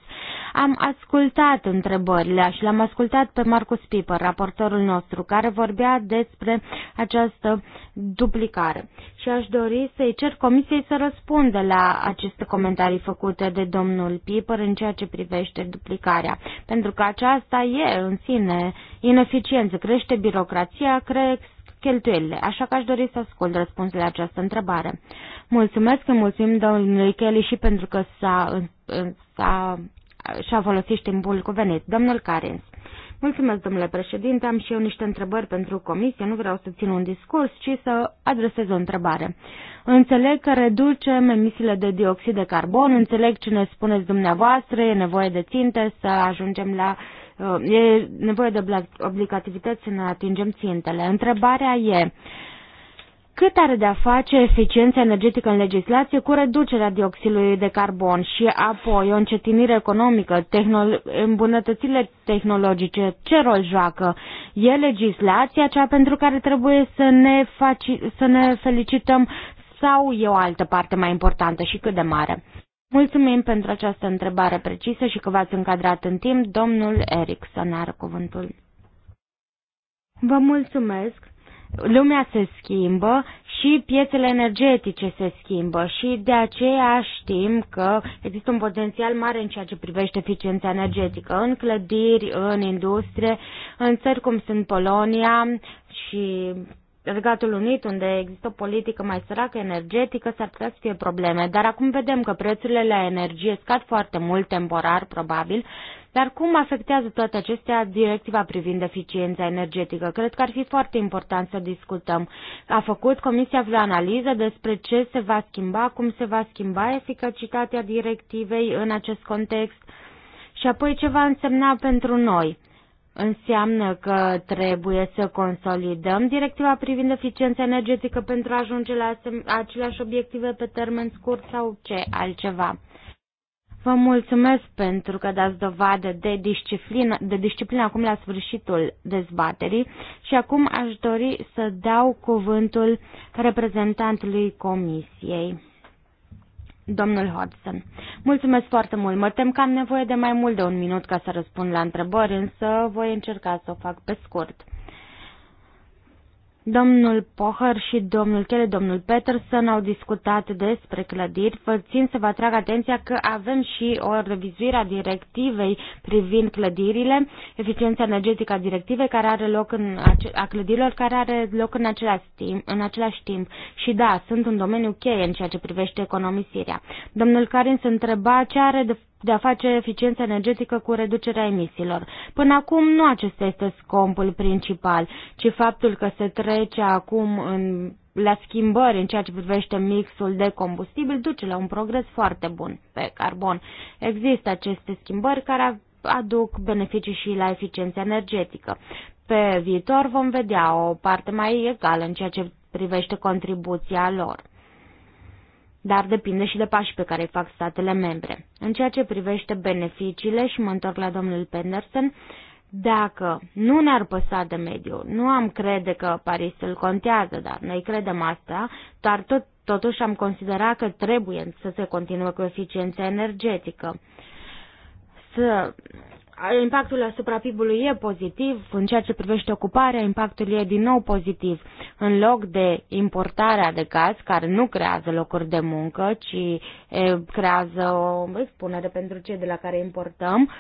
Am ascultat întrebările și l-am ascultat pe Marcus Piper, raportorul nostru, care vorbea despre această duplicare și aș dori să-i cer comisiei să răspundă la aceste comentarii făcute de domnul Piper în ceea ce privește duplicarea, pentru că aceasta e în sine ineficiență, crește birocrația, cresc cheltuielile, așa că aș dori să ascult răspunsul la această întrebare. Mulțumesc, îi mulțumim domnului Kelly și pentru că s-a, s-a, și-a folosit timpul cuvenit. Domnul Carins. Mulțumesc, domnule președinte. Am și eu niște întrebări pentru comisie. Nu vreau să țin un discurs, ci să adresez o întrebare. Înțeleg că reducem emisiile de dioxid de carbon, înțeleg ce ne spuneți dumneavoastră, e nevoie de ținte să ajungem la uh, e nevoie de obligativități să ne atingem țintele. Întrebarea e, cât are de-a face eficiența energetică în legislație cu reducerea dioxidului de carbon și apoi o încetinire economică, tehnolo- îmbunătățile tehnologice, ce rol joacă? E legislația cea pentru care trebuie să ne, faci- să ne felicităm sau e o altă parte mai importantă și cât de mare? Mulțumim pentru această întrebare precisă și că v-ați încadrat în timp. Domnul ne are cuvântul. Vă mulțumesc lumea se schimbă și piețele energetice se schimbă și de aceea știm că există un potențial mare în ceea ce privește eficiența energetică în clădiri, în industrie, în țări cum sunt Polonia și Regatul Unit, unde există o politică mai săracă energetică, s-ar putea să fie probleme. Dar acum vedem că prețurile la energie scad foarte mult temporar, probabil, dar cum afectează toate acestea directiva privind eficiența energetică? Cred că ar fi foarte important să discutăm. A făcut Comisia vreo analiză despre ce se va schimba, cum se va schimba eficacitatea directivei în acest context și apoi ce va însemna pentru noi. Înseamnă că trebuie să consolidăm directiva privind eficiența energetică pentru a ajunge la aceleași obiective pe termen scurt sau ce altceva. Vă mulțumesc pentru că dați dovadă de disciplină, de disciplină acum la sfârșitul dezbaterii și acum aș dori să dau cuvântul reprezentantului Comisiei domnul Hodgson. Mulțumesc foarte mult. Mă tem că am nevoie de mai mult de un minut ca să răspund la întrebări, însă voi încerca să o fac pe scurt. Domnul Poher și domnul Chele, domnul Peterson au discutat despre clădiri. Vă să vă atrag atenția că avem și o revizuire a directivei privind clădirile, eficiența energetică a directivei care are loc în a clădirilor care are loc în același timp. În același timp. Și da, sunt un domeniu cheie în ceea ce privește economisirea. Domnul Carin se întreba ce are de de a face eficiență energetică cu reducerea emisiilor. Până acum nu acesta este scopul principal, ci faptul că se trece acum în, la schimbări în ceea ce privește mixul de combustibil duce la un progres foarte bun pe carbon. Există aceste schimbări care aduc beneficii și la eficiența energetică. Pe viitor vom vedea o parte mai egală în ceea ce privește contribuția lor dar depinde și de pașii pe care îi fac statele membre. În ceea ce privește beneficiile, și mă întorc la domnul Penderson, dacă nu ne-ar păsa de mediu, nu am crede că Parisul contează, dar noi credem asta, dar tot, totuși am considerat că trebuie să se continue cu eficiența energetică. Să impactul asupra PIB-ului e pozitiv, în ceea ce privește ocuparea, impactul e din nou pozitiv. În loc de importarea de gaz, care nu creează locuri de muncă, ci e, creează o expunere pentru cei de la care importăm,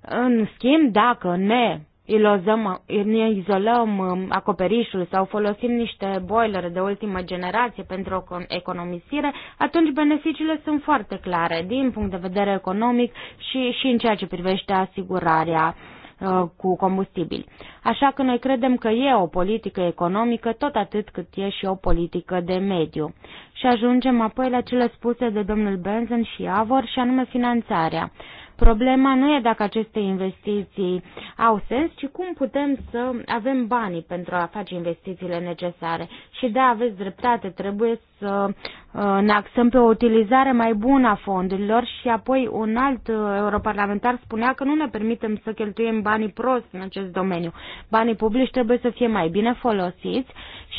în schimb, dacă ne ilozăm, ne izolăm um, acoperișul sau folosim niște boilere de ultimă generație pentru o economisire, atunci beneficiile sunt foarte clare din punct de vedere economic și, și în ceea ce privește asigurarea uh, cu combustibili. Așa că noi credem că e o politică economică tot atât cât e și o politică de mediu. Și ajungem apoi la cele spuse de domnul Benzen și Avor și anume finanțarea. Problema nu e dacă aceste investiții au sens, ci cum putem să avem banii pentru a face investițiile necesare. Și da, aveți dreptate, trebuie să uh, ne axăm pe o utilizare mai bună a fondurilor și apoi un alt uh, europarlamentar spunea că nu ne permitem să cheltuim banii prost în acest domeniu. Banii publici trebuie să fie mai bine folosiți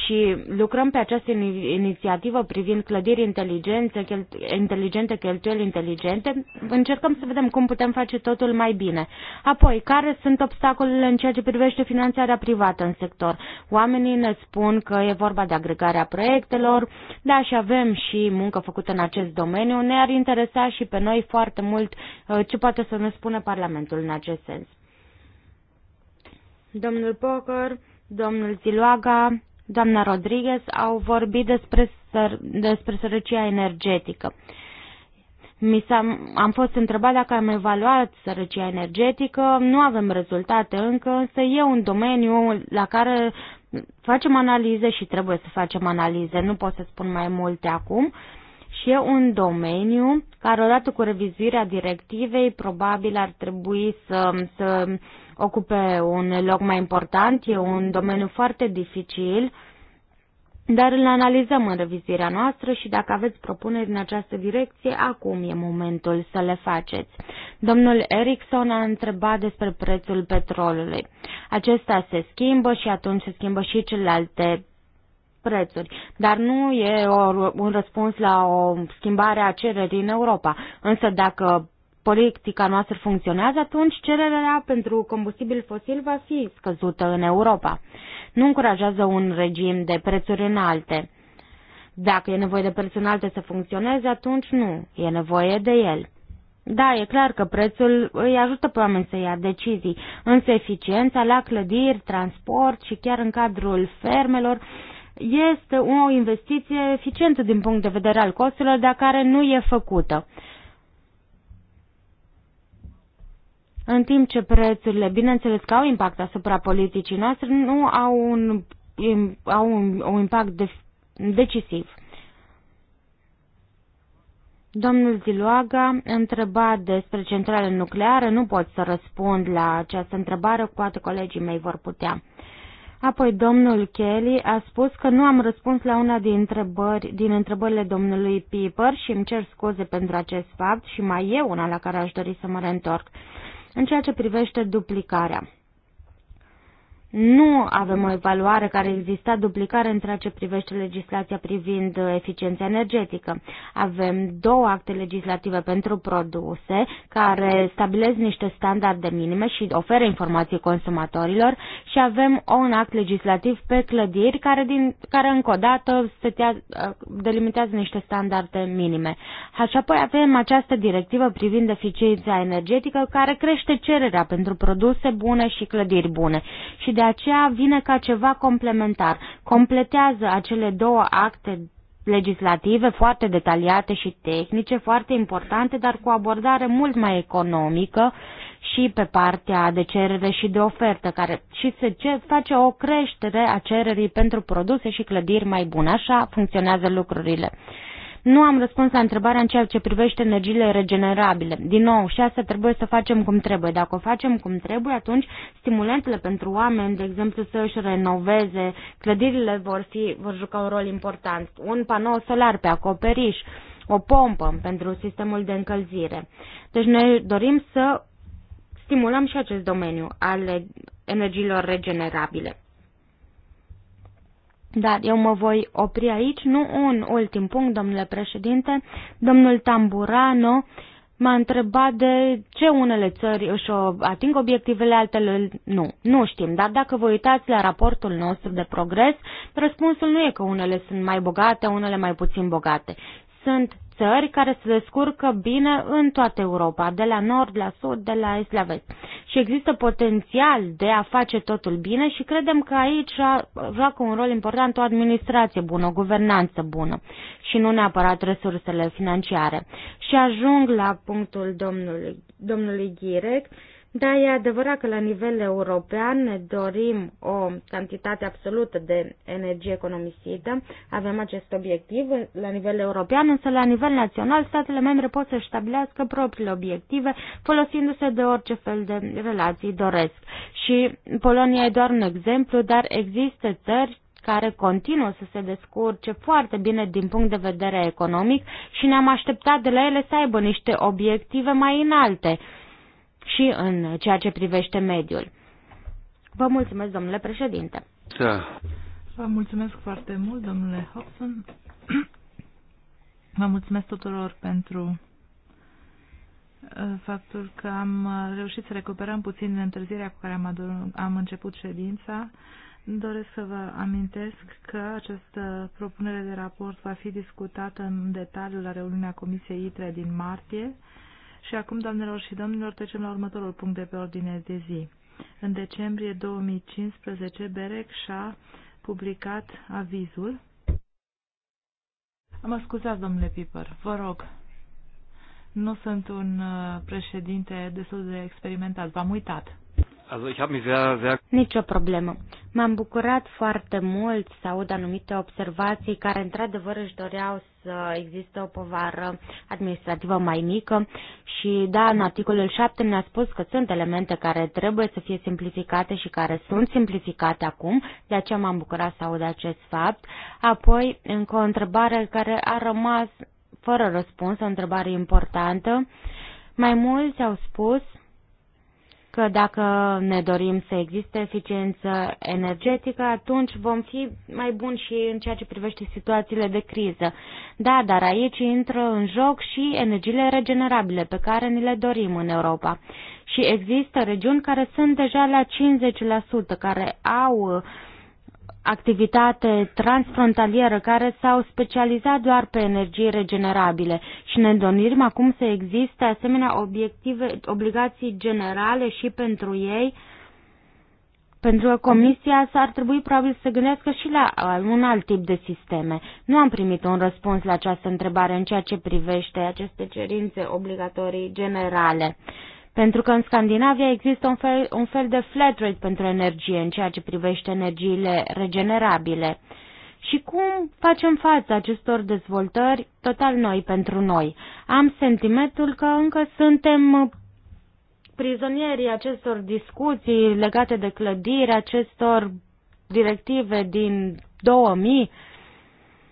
și lucrăm pe această inițiativă privind clădiri inteligente, cheltuieli inteligente, încercăm să vedem cum putem face totul mai bine. Apoi, care sunt obstacolele în ceea ce privește finanțarea privată în sector? Oamenii ne spun că e vorba de agregarea proiectelor, da, și avem și muncă făcută în acest domeniu. Ne-ar interesa și pe noi foarte mult uh, ce poate să ne spune Parlamentul în acest sens. Domnul Pocăr, domnul Ziluaga, doamna Rodriguez au vorbit despre, săr- despre sărăcia energetică. Uh, mi am am fost întrebat dacă am evaluat sărăcia energetică, nu avem rezultate încă, însă e un domeniu la care facem analize și trebuie să facem analize, nu pot să spun mai multe acum. Și e un domeniu care, odată cu revizuirea directivei, probabil ar trebui să, să ocupe un loc mai important. E un domeniu foarte dificil dar îl analizăm în revizirea noastră și dacă aveți propuneri în această direcție, acum e momentul să le faceți. Domnul Erickson a întrebat despre prețul petrolului. Acesta se schimbă și atunci se schimbă și celelalte prețuri, dar nu e o, un răspuns la o schimbare a cererii în Europa. Însă dacă politica noastră funcționează, atunci cererea pentru combustibil fosil va fi scăzută în Europa. Nu încurajează un regim de prețuri înalte. Dacă e nevoie de prețuri înalte să funcționeze, atunci nu, e nevoie de el. Da, e clar că prețul îi ajută pe oameni să ia decizii, însă eficiența la clădiri, transport și chiar în cadrul fermelor este o investiție eficientă din punct de vedere al costurilor, dar care nu e făcută. în timp ce prețurile, bineînțeles că au impact asupra politicii noastre, nu au un, au un, un impact de, decisiv. Domnul Ziluaga întreba despre centrale nucleare, nu pot să răspund la această întrebare, poate colegii mei vor putea. Apoi domnul Kelly a spus că nu am răspuns la una din, întrebări, din întrebările domnului Piper și îmi cer scuze pentru acest fapt și mai e una la care aș dori să mă reîntorc. În ceea ce privește duplicarea nu avem o evaluare care exista duplicare ceea ce privește legislația privind eficiența energetică. Avem două acte legislative pentru produse care stabilesc niște standarde minime și oferă informații consumatorilor și avem un act legislativ pe clădiri care, din, care încă o dată delimitează niște standarde minime. Și apoi avem această directivă privind eficiența energetică care crește cererea pentru produse bune și clădiri bune. Și de aceea vine ca ceva complementar. Completează acele două acte legislative foarte detaliate și tehnice, foarte importante, dar cu abordare mult mai economică și pe partea de cerere și de ofertă, care și se face o creștere a cererii pentru produse și clădiri mai bune. Așa funcționează lucrurile. Nu am răspuns la întrebarea în ceea ce privește energiile regenerabile. Din nou, și asta trebuie să facem cum trebuie. Dacă o facem cum trebuie, atunci stimulentele pentru oameni, de exemplu, să își renoveze clădirile vor, fi, vor juca un rol important. Un panou solar pe acoperiș, o pompă pentru sistemul de încălzire. Deci noi dorim să stimulăm și acest domeniu al energiilor regenerabile. Dar eu mă voi opri aici. Nu un ultim punct, domnule președinte. Domnul Tamburano m-a întrebat de ce unele țări își ating obiectivele, altele nu. Nu știm, dar dacă vă uitați la raportul nostru de progres, răspunsul nu e că unele sunt mai bogate, unele mai puțin bogate. Sunt țări care se descurcă bine în toată Europa, de la nord, la sud, de la est, la vest. Și există potențial de a face totul bine și credem că aici joacă un rol important o administrație bună, o guvernanță bună și nu neapărat resursele financiare. Și ajung la punctul domnului, domnului Ghirec da, e adevărat că la nivel european ne dorim o cantitate absolută de energie economisită. Avem acest obiectiv la nivel european, însă la nivel național statele membre pot să stabilească propriile obiective folosindu-se de orice fel de relații doresc. Și Polonia e doar un exemplu, dar există țări care continuă să se descurce foarte bine din punct de vedere economic și ne-am așteptat de la ele să aibă niște obiective mai înalte și în ceea ce privește mediul. Vă mulțumesc, domnule președinte. Da. Vă mulțumesc foarte mult, domnule Hobson. Vă mulțumesc tuturor pentru uh, faptul că am uh, reușit să recuperăm puțin întârzierea cu care am, am început ședința. Doresc să vă amintesc că această propunere de raport va fi discutată în detaliu la reuniunea Comisiei ITRE din martie și acum, doamnelor și domnilor, trecem la următorul punct de pe ordine de zi. În decembrie 2015, Berec și-a publicat avizul. Mă scuzați, domnule Piper, vă rog. Nu sunt un uh, președinte destul de experimentat, v-am uitat. Nicio problemă. M-am bucurat foarte mult să aud anumite observații care într-adevăr își doreau să existe o povară administrativă mai mică și da, în articolul 7 ne-a spus că sunt elemente care trebuie să fie simplificate și care sunt simplificate acum, de aceea m-am bucurat să aud acest fapt. Apoi, încă o întrebare care a rămas fără răspuns, o întrebare importantă. Mai mulți au spus că dacă ne dorim să existe eficiență energetică, atunci vom fi mai buni și în ceea ce privește situațiile de criză. Da, dar aici intră în joc și energiile regenerabile pe care ni le dorim în Europa. Și există regiuni care sunt deja la 50%, care au uh, activitate transfrontalieră care s-au specializat doar pe energii regenerabile și ne dorim acum să existe asemenea obiective, obligații generale și pentru ei, pentru că comisia s-ar trebui probabil să gândească și la uh, un alt tip de sisteme. Nu am primit un răspuns la această întrebare în ceea ce privește aceste cerințe obligatorii generale. Uh, pentru că în Scandinavia există un fel, un fel de flat rate pentru energie în ceea ce privește energiile regenerabile. Și cum facem față acestor dezvoltări total noi pentru noi? Am sentimentul că încă suntem prizonierii acestor discuții legate de clădire, acestor directive din 2000,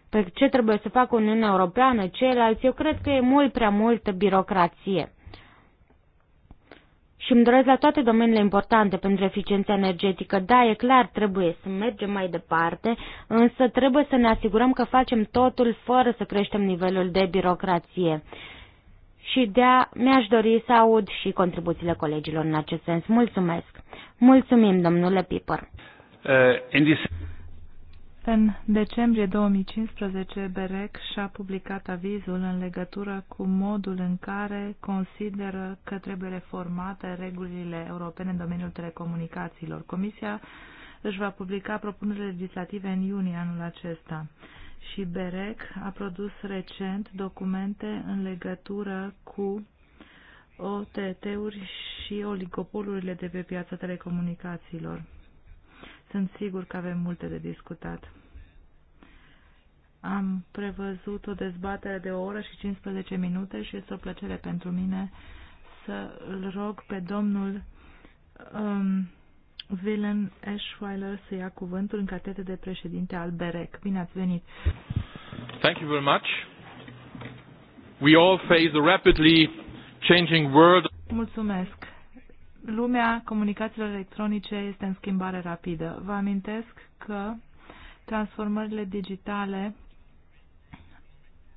pe ce trebuie să facă Uniunea Europeană, ceilalți, eu cred că e mult prea multă birocrație și îmi doresc la toate domeniile importante pentru eficiența energetică. Da, e clar, trebuie să mergem mai departe, însă trebuie să ne asigurăm că facem totul fără să creștem nivelul de birocrație. Și de a mi-aș dori să aud și contribuțiile colegilor în acest sens. Mulțumesc! Mulțumim, domnule Piper! Uh, în decembrie 2015, BEREC și-a publicat avizul în legătură cu modul în care consideră că trebuie reformate regulile europene în domeniul telecomunicațiilor. Comisia își va publica propunerile legislative în iunie anul acesta și BEREC a produs recent documente în legătură cu OTT-uri și oligopolurile de pe piața telecomunicațiilor. Sunt sigur că avem multe de discutat. Am prevăzut o dezbatere de o oră și 15 minute și este o plăcere pentru mine să îl rog pe domnul um, Willem Eschweiler să ia cuvântul în catete de președinte al BEREC. Bine ați venit! Thank you very much. We all face a rapidly changing world. Mulțumesc lumea comunicațiilor electronice este în schimbare rapidă. Vă amintesc că transformările digitale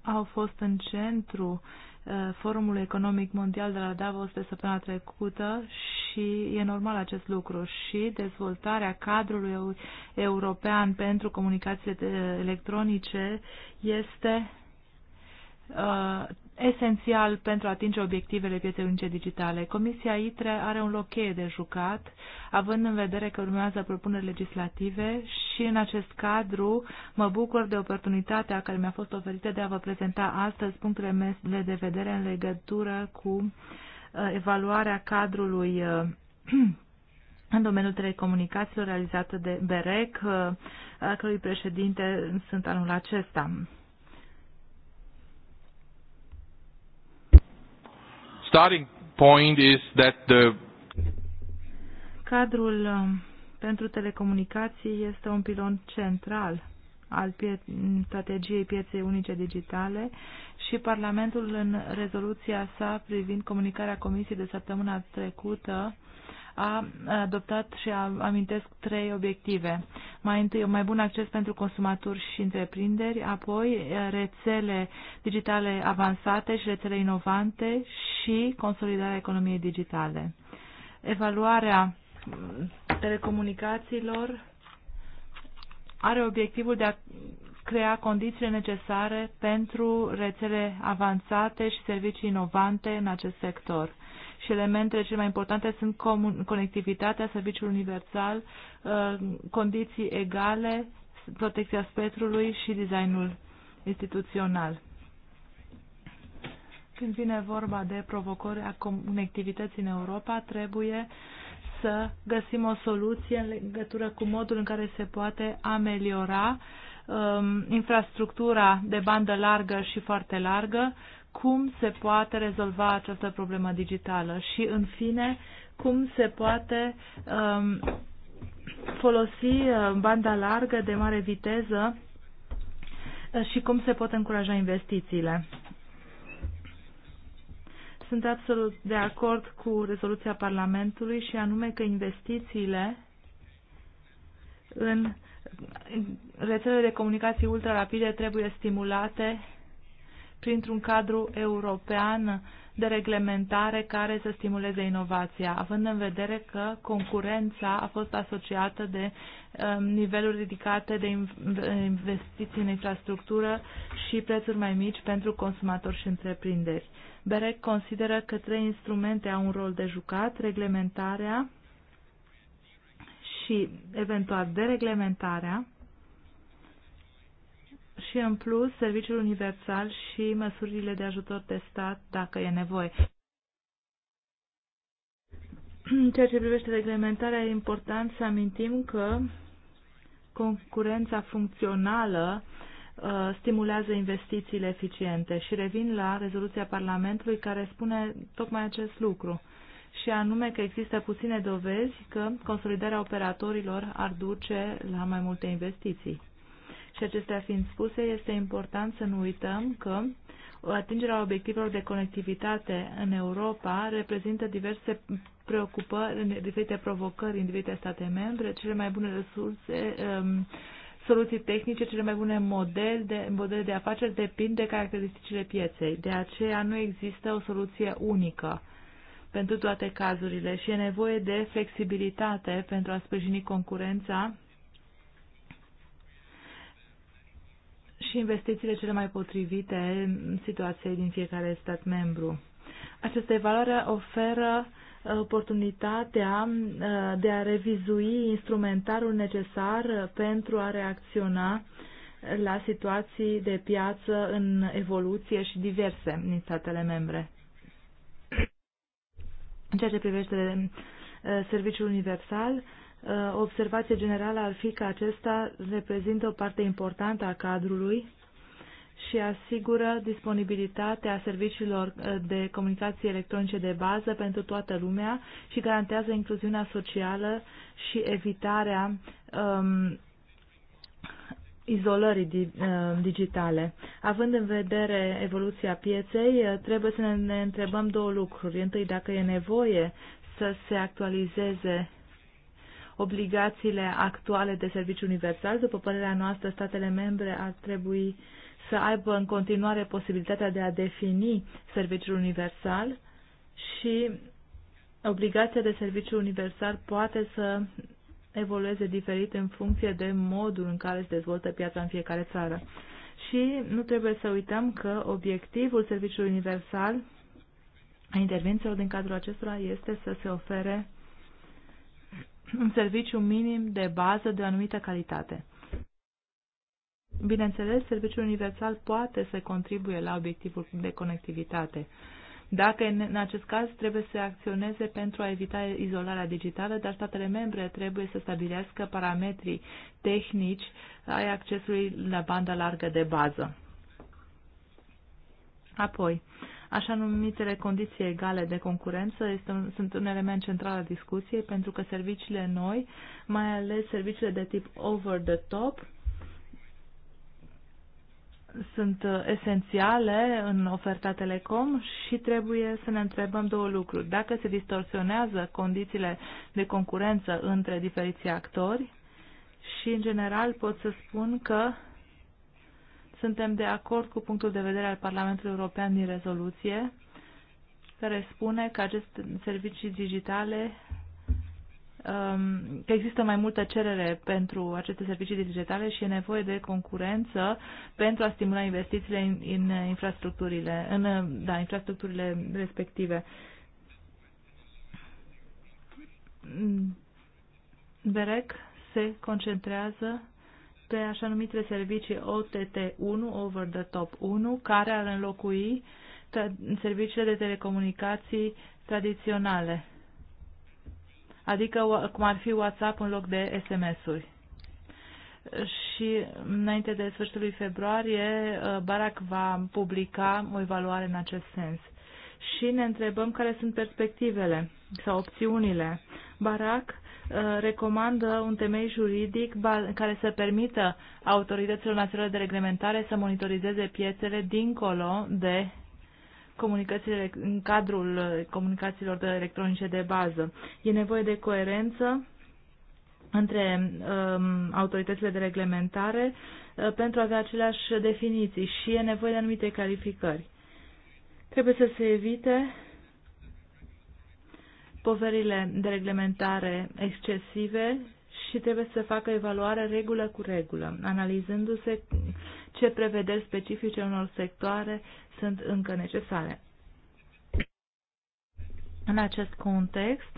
au fost în centru uh, Forumul Economic Mondial de la Davos de săptămâna trecută și e normal acest lucru și dezvoltarea cadrului european pentru comunicații electronice este uh, esențial pentru a atinge obiectivele pieței unice digitale. Comisia ITRE are un loc cheie de jucat, având în vedere că urmează propuneri legislative și în acest cadru mă bucur de oportunitatea care mi-a fost oferită de a vă prezenta astăzi punctele mele de vedere în legătură cu uh, evaluarea cadrului uh, în domeniul telecomunicațiilor realizată de BEREC, uh, a cărui președinte sunt anul acesta. starting point is that the Cadrul um, pentru telecomunicații este un pilon central al pie strategiei pieței unice digitale și Parlamentul în rezoluția sa privind comunicarea Comisiei de săptămâna trecută a adoptat și a, amintesc trei obiective. Mai întâi, mai bun acces pentru consumatori și întreprinderi, apoi eh, rețele digitale avansate și rețele inovante și consolidarea economiei digitale. Evaluarea mm, telecomunicațiilor are obiectivul de a crea condițiile necesare pentru rețele avansate și servicii inovante în acest sector și elementele cele mai importante sunt conectivitatea, serviciul universal, uh, condiții egale, protecția spectrului și designul instituțional. Când vine vorba de provocări a conectivității în Europa, trebuie să găsim o soluție în legătură cu modul în care se poate ameliora um, infrastructura de bandă largă și foarte largă cum se poate rezolva această problemă digitală și, în fine, cum se poate um, folosi uh, banda largă de mare viteză uh, și cum se pot încuraja investițiile. Sunt absolut de acord cu rezoluția Parlamentului și anume că investițiile în rețelele de comunicații ultrarapide trebuie stimulate printr-un cadru european de reglementare care să stimuleze inovația, având în vedere că concurența a fost asociată de um, niveluri ridicate de investiții în infrastructură și prețuri mai mici pentru consumatori și întreprinderi. BEREC consideră că trei instrumente au un rol de jucat, reglementarea și eventual dereglementarea, și în plus serviciul universal și măsurile de ajutor de stat dacă e nevoie. În ceea ce privește reglementarea, e important să amintim că concurența funcțională uh, stimulează investițiile eficiente și revin la rezoluția Parlamentului care spune tocmai acest lucru și anume că există puține dovezi că consolidarea operatorilor ar duce la mai multe investiții. Și acestea fiind spuse, este important să nu uităm că atingerea obiectivelor de conectivitate în Europa reprezintă diverse preocupări, diferite provocări în diferite state membre, cele mai bune resurse, um, soluții tehnice, cele mai bune modele de, model de afaceri depind de caracteristicile pieței. De aceea nu există o soluție unică pentru toate cazurile și e nevoie de flexibilitate pentru a sprijini concurența și investițiile cele mai potrivite situației din fiecare stat membru. Această evaluare oferă uh, oportunitatea uh, de a revizui instrumentarul necesar pentru a reacționa la situații de piață în evoluție și diverse din statele membre. În ceea ce privește uh, serviciul universal, Uh, observație generală ar fi că acesta reprezintă o parte importantă a cadrului și asigură disponibilitatea serviciilor uh, de comunicații electronice de bază pentru toată lumea și garantează incluziunea socială și evitarea um, izolării uh, digitale. Având în vedere evoluția pieței, trebuie să ne întrebăm două lucruri. Întâi, dacă e nevoie să se actualizeze obligațiile actuale de serviciu universal. După părerea noastră, statele membre ar trebui să aibă în continuare posibilitatea de a defini serviciul universal și obligația de serviciu universal poate să evolueze diferit în funcție de modul în care se dezvoltă piața în fiecare țară. Și nu trebuie să uităm că obiectivul serviciului universal a intervențelor din cadrul acestora este să se ofere un serviciu minim de bază de o anumită calitate. Bineînțeles, serviciul universal poate să contribuie la obiectivul de conectivitate. Dacă în acest caz trebuie să acționeze pentru a evita izolarea digitală, dar statele membre trebuie să stabilească parametrii tehnici ai accesului la banda largă de bază. Apoi, Așa numitele condiții egale de concurență este un, sunt un element central al discuției pentru că serviciile noi, mai ales serviciile de tip over the top, sunt uh, esențiale în oferta telecom și trebuie să ne întrebăm două lucruri. Dacă se distorsionează condițiile de concurență între diferiții actori și, în general, pot să spun că suntem de acord cu punctul de vedere al Parlamentului European din rezoluție, care spune că aceste servicii digitale um, că există mai multă cerere pentru aceste servicii digitale și e nevoie de concurență pentru a stimula investițiile în, în infrastructurile, în, da, infrastructurile respective. BEREC se concentrează pe așa numitele servicii OTT1, Over the Top 1, care ar înlocui serviciile de telecomunicații tradiționale, adică cum ar fi WhatsApp în loc de SMS-uri. Și înainte de sfârșitul lui februarie, uh, Barack va publica o evaluare în acest sens. Și ne întrebăm care sunt perspectivele sau opțiunile. Barack Uh, recomandă un temei juridic care să permită autorităților naționale de reglementare să monitorizeze piețele dincolo de comunicațiile în cadrul uh, comunicațiilor de electronice de bază. E nevoie de coerență între um, autoritățile de reglementare uh, pentru a avea aceleași definiții și e nevoie de anumite calificări. Trebuie să se evite poverile de reglementare excesive și trebuie să facă evaluare regulă cu regulă, analizându-se ce prevederi specifice unor sectoare sunt încă necesare. În acest context,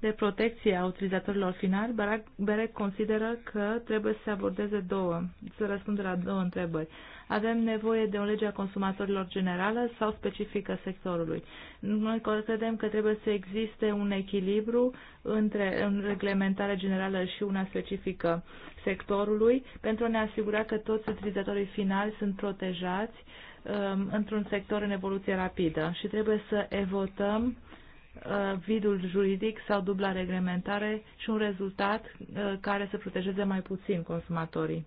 de protecție a utilizatorilor finali, Berec consideră că trebuie să se abordeze două, să răspundă la două întrebări. Avem nevoie de o lege a consumatorilor generală sau specifică sectorului? Noi credem că trebuie să existe un echilibru între în reglementare generală și una specifică sectorului pentru a ne asigura că toți utilizatorii finali sunt protejați um, într-un sector în evoluție rapidă și trebuie să evotăm Uh, vidul juridic sau dubla reglementare și un rezultat uh, care să protejeze mai puțin consumatorii.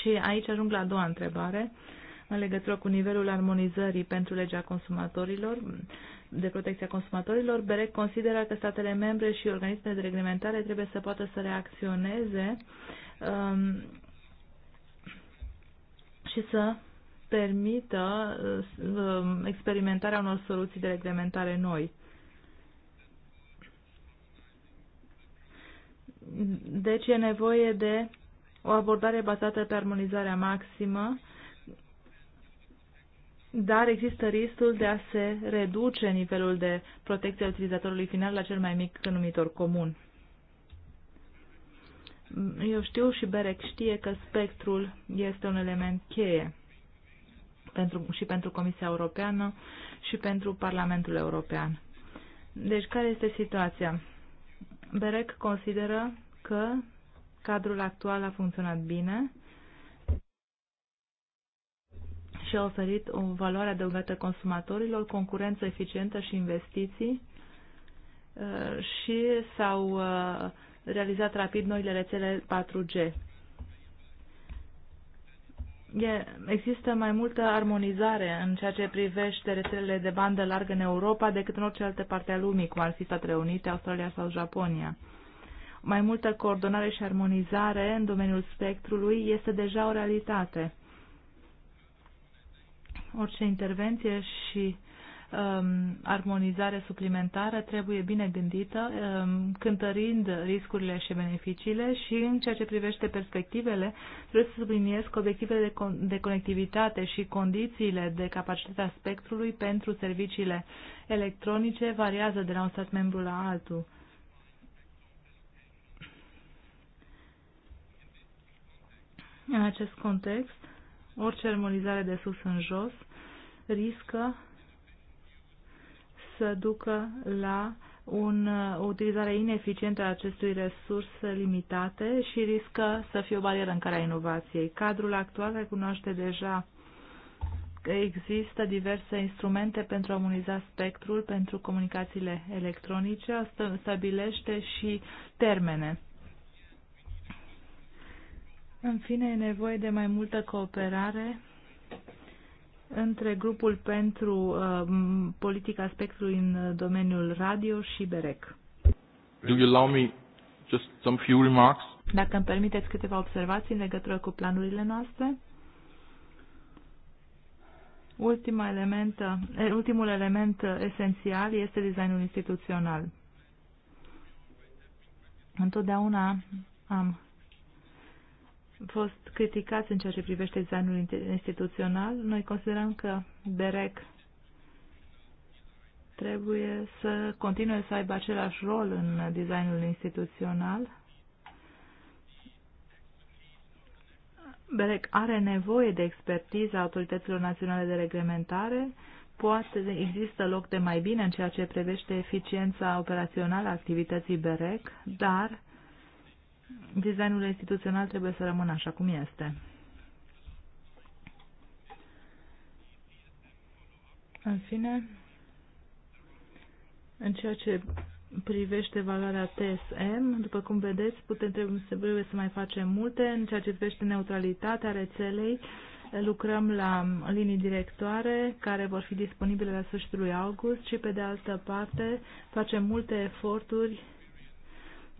Și aici ajung la a doua întrebare în legătură cu nivelul armonizării pentru legea consumatorilor, de protecția consumatorilor, BEREC consideră că statele membre și organismele de reglementare trebuie să poată să reacționeze um, și să permită uh, um, experimentarea unor soluții de reglementare noi. Deci e nevoie de o abordare bazată pe armonizarea maximă, dar există riscul de a se reduce nivelul de protecție a utilizatorului final la cel mai mic numitor comun. Eu știu și Berec știe că spectrul este un element cheie pentru, și pentru Comisia Europeană și pentru Parlamentul European. Deci, care este situația? BEREC consideră că cadrul actual a funcționat bine și a oferit o valoare adăugată consumatorilor, concurență eficientă și investiții uh, și s-au uh, realizat rapid noile rețele 4G. E, există mai multă armonizare în ceea ce privește rețelele de bandă largă în Europa decât în orice altă parte a lumii, cum ar fi Statele Unite, Australia sau Japonia. Mai multă coordonare și armonizare în domeniul spectrului este deja o realitate. Orice intervenție și um, armonizare suplimentară trebuie bine gândită, um, cântărind riscurile și beneficiile și în ceea ce privește perspectivele, trebuie să subliniez că obiectivele de, con- de conectivitate și condițiile de capacitatea spectrului pentru serviciile electronice variază de la un stat membru la altul. În acest context, orice armonizare de sus în jos riscă să ducă la un, o utilizare ineficientă a acestui resurse limitate și riscă să fie o barieră în calea inovației. Cadrul actual recunoaște deja că există diverse instrumente pentru a armoniza spectrul pentru comunicațiile electronice, stabilește și termene. În fine, e nevoie de mai multă cooperare între grupul pentru uh, politica spectrului în domeniul radio și BEREC. Do you allow me just some few remarks? Dacă îmi permiteți câteva observații în legătură cu planurile noastre. Ultima element, eh, ultimul element eh, esențial este designul instituțional. Întotdeauna am fost criticați în ceea ce privește designul instituțional. Noi considerăm că BEREC trebuie să continue să aibă același rol în designul instituțional. BEREC are nevoie de expertiza autorităților naționale de reglementare, poate există loc de mai bine în ceea ce privește eficiența operațională a activității BEREC, dar designul instituțional trebuie să rămână așa cum este. În fine, în ceea ce privește valoarea TSM, după cum vedeți, putem, trebuie, să, trebuie să mai facem multe. În ceea ce privește neutralitatea rețelei, lucrăm la linii directoare care vor fi disponibile la sfârșitul lui august și, pe de altă parte, facem multe eforturi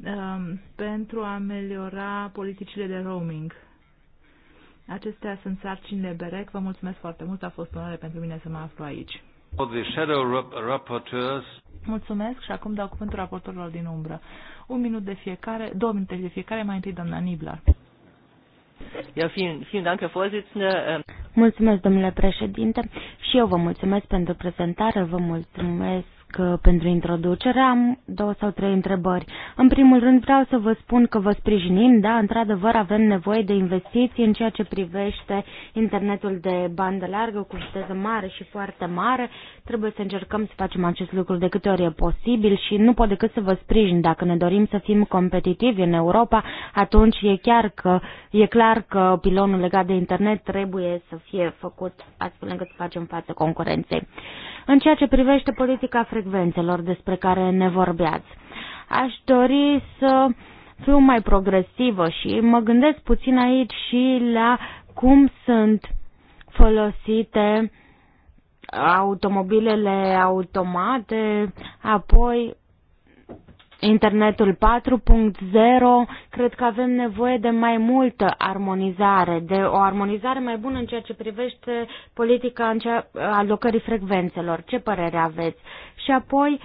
um, pentru a ameliora politicile de roaming. Acestea sunt sarcinile BEREC. Vă mulțumesc foarte mult. A fost onoare pentru mine să mă aflu aici. Mulțumesc și acum dau cuvântul raportorilor din umbră. Un minut de fiecare, două minute de fiecare, mai întâi doamna Niblar. Ja, vielen, vielen Dank, Herr ähm, Mulțumesc, domnule președinte, și eu vă mulțumesc pentru prezentare, vă mulțumesc mulțumesc uh, pentru introducere. Am două sau trei întrebări. În primul rând vreau să vă spun că vă sprijinim, da, într-adevăr avem nevoie de investiții în ceea ce privește internetul de bandă largă cu viteză mare și foarte mare. Trebuie să încercăm să facem acest lucru de câte ori e posibil și nu pot decât să vă sprijin. Dacă ne dorim să fim competitivi în Europa, atunci e, chiar că, e clar că pilonul legat de internet trebuie să fie făcut astfel încât să facem față concurenței. În ceea ce privește politica frecvențelor despre care ne vorbeați, aș dori să fiu mai progresivă și mă gândesc puțin aici și la cum sunt folosite automobilele automate, apoi internetul 4.0, cred că avem nevoie de mai multă armonizare, de o armonizare mai bună în ceea ce privește politica în cea, alocării frecvențelor. Ce părere aveți? Și apoi,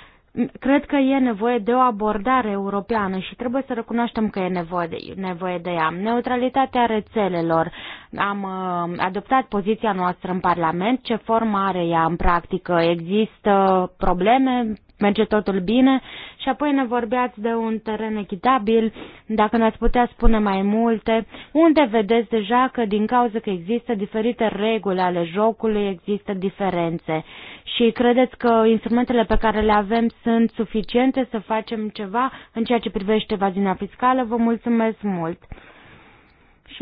cred că e nevoie de o abordare europeană și trebuie să recunoaștem că e nevoie de, nevoie de ea. Neutralitatea rețelelor. Am uh, adoptat poziția noastră în Parlament. Ce formă are ea în practică? Există probleme merge totul bine și apoi ne vorbeați de un teren echitabil, dacă ne-ați putea spune mai multe, unde vedeți deja că din cauza că există diferite reguli ale jocului, există diferențe și credeți că instrumentele pe care le avem sunt suficiente să facem ceva în ceea ce privește evaziunea fiscală? Vă mulțumesc mult!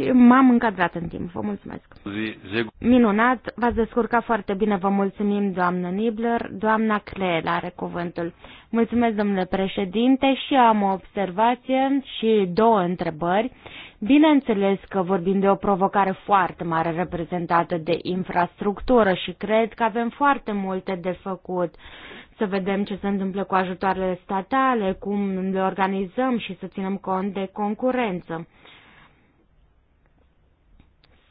și m-am încadrat în timp. Vă mulțumesc. Minunat, v-ați descurcat foarte bine. Vă mulțumim, doamnă Nibler. Doamna Cleel are cuvântul. Mulțumesc, domnule președinte, și am o observație și două întrebări. Bineînțeles că vorbim de o provocare foarte mare reprezentată de infrastructură și cred că avem foarte multe de făcut să vedem ce se întâmplă cu ajutoarele statale, cum le organizăm și să ținem cont de concurență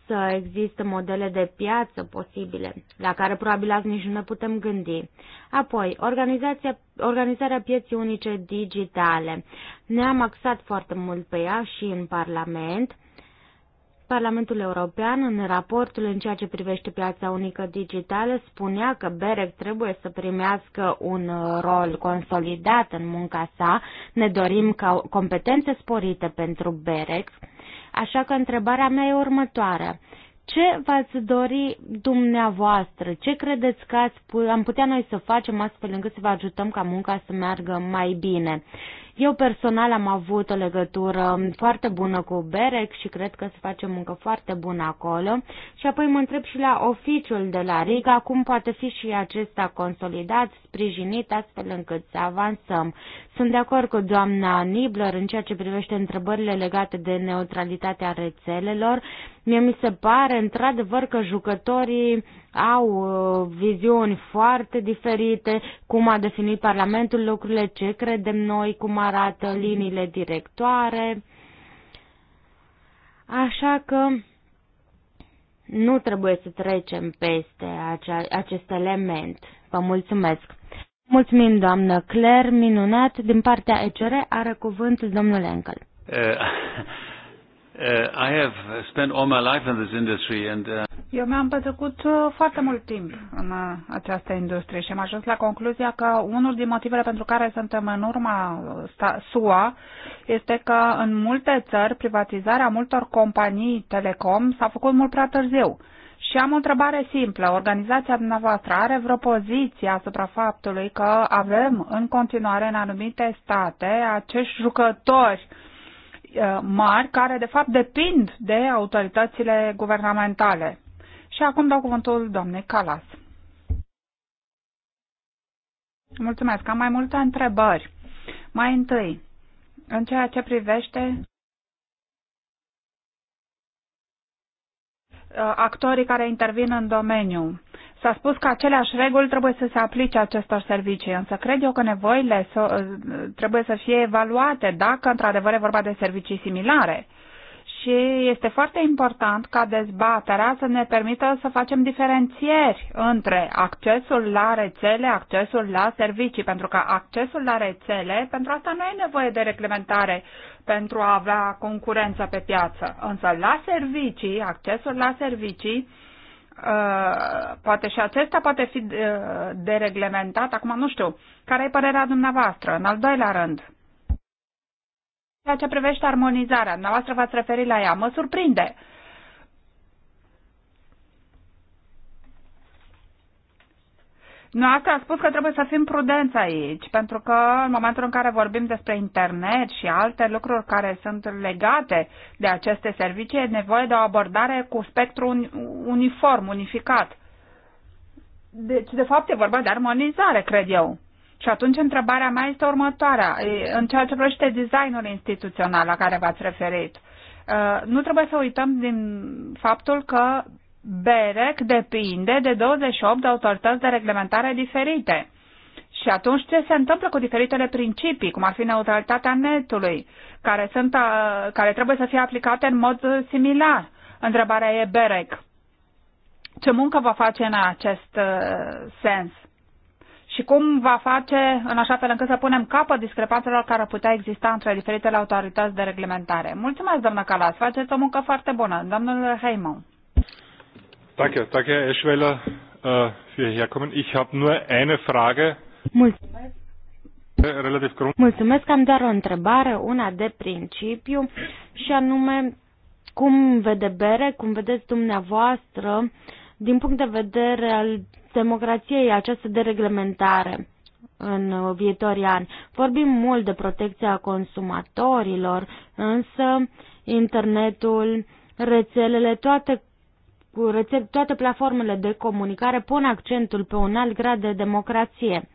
să există modele de piață posibile, la care probabil azi nici nu ne putem gândi. Apoi, organizația, organizarea pieții unice digitale. Ne-am axat foarte mult pe ea și în Parlament. Parlamentul European, în raportul în ceea ce privește piața unică digitală, spunea că BEREC trebuie să primească un rol consolidat în munca sa. Ne dorim ca competențe sporite pentru BEREC Așa că întrebarea mea e următoarea. Ce v-ați dori dumneavoastră? Ce credeți că ați, am putea noi să facem astfel încât să vă ajutăm ca munca să meargă mai bine? Eu personal am avut o legătură foarte bună cu Berec și cred că se face muncă foarte bună acolo. Și apoi mă întreb și la oficiul de la Riga cum poate fi și acesta consolidat, sprijinit, astfel încât să avansăm. Sunt de acord cu doamna Nibler în ceea ce privește întrebările legate de neutralitatea rețelelor. Mie mi se pare într-adevăr că jucătorii au uh, viziuni foarte diferite, cum a definit Parlamentul lucrurile, ce credem noi, cum arată liniile directoare. Așa că nu trebuie să trecem peste acea, acest element. Vă mulțumesc! Mulțumim, doamnă Claire, minunat. Din partea ECR are cuvântul domnul Enkel. Uh, Uh, I have spent all my life in this industry and uh... Eu mi-am petrecut uh, foarte mult timp în uh, această industrie și am ajuns la concluzia că unul din motivele pentru care suntem în urma SUA este că în multe țări privatizarea multor companii telecom s-a făcut mult prea târziu. Și am o întrebare simplă. Organizația dumneavoastră are vreo poziție asupra faptului că avem în continuare în anumite state acești jucători uh, Eh, mari care de fapt depind de autoritățile guvernamentale. Și acum dau cuvântul doamnei Calas. Mulțumesc. Am mai multe întrebări. Mai întâi, în ceea ce privește eh, actorii care intervin în domeniu. S-a spus că aceleași reguli trebuie să se aplice acestor servicii, însă cred eu că nevoile ă, trebuie să fie evaluate dacă într-adevăr e vorba de servicii similare. Și este foarte important ca dezbaterea să ne permită să facem diferențieri între accesul la rețele, accesul la servicii, pentru că accesul la rețele, pentru asta nu e nevoie de reglementare pentru a avea concurență pe piață. Însă la servicii, accesul la servicii, Uh, poate și acesta poate fi uh, dereglementat, acum nu știu, care e părerea dumneavoastră? În al doilea rând, ceea ce privește armonizarea, dumneavoastră v-ați referit la ea, mă surprinde Nu asta. a spus că trebuie să fim prudenți aici, pentru că în momentul în care vorbim despre internet și alte lucruri care sunt legate de aceste servicii, e nevoie de o abordare cu spectru uniform, unificat. Deci, de fapt, e vorba de armonizare, cred eu. Și atunci întrebarea mea este următoarea, în ceea ce privește designul instituțional la care v-ați referit. Uh, nu trebuie să uităm din faptul că BEREC depinde de 28 de autorități de reglementare diferite. Și atunci ce se întâmplă cu diferitele principii, cum ar fi neutralitatea netului, care, sunt, uh, care trebuie să fie aplicate în mod similar? Întrebarea e BEREC. Ce muncă va face în acest uh, sens? Și cum va face în așa fel încât să punem capăt discrepanțelor care ar putea exista între diferitele autorități de reglementare? Mulțumesc, doamnă Calas, faceți o muncă foarte bună. Domnul Heimau. Danke, danke Herr Eschweller äh, für Ihr Herkommen. Ich habe nur eine Frage. Mulțumesc. Äh, relativ Mulțumesc, am doar o întrebare, una de principiu, și anume cum vede bere, cum vedeți dumneavoastră, din punct de vedere al democrației, această dereglementare în viitorii ani. Vorbim mult de protecția consumatorilor, însă internetul, rețelele, toate cu rețet, toate platformele de comunicare pun accentul pe un alt grad de democrație.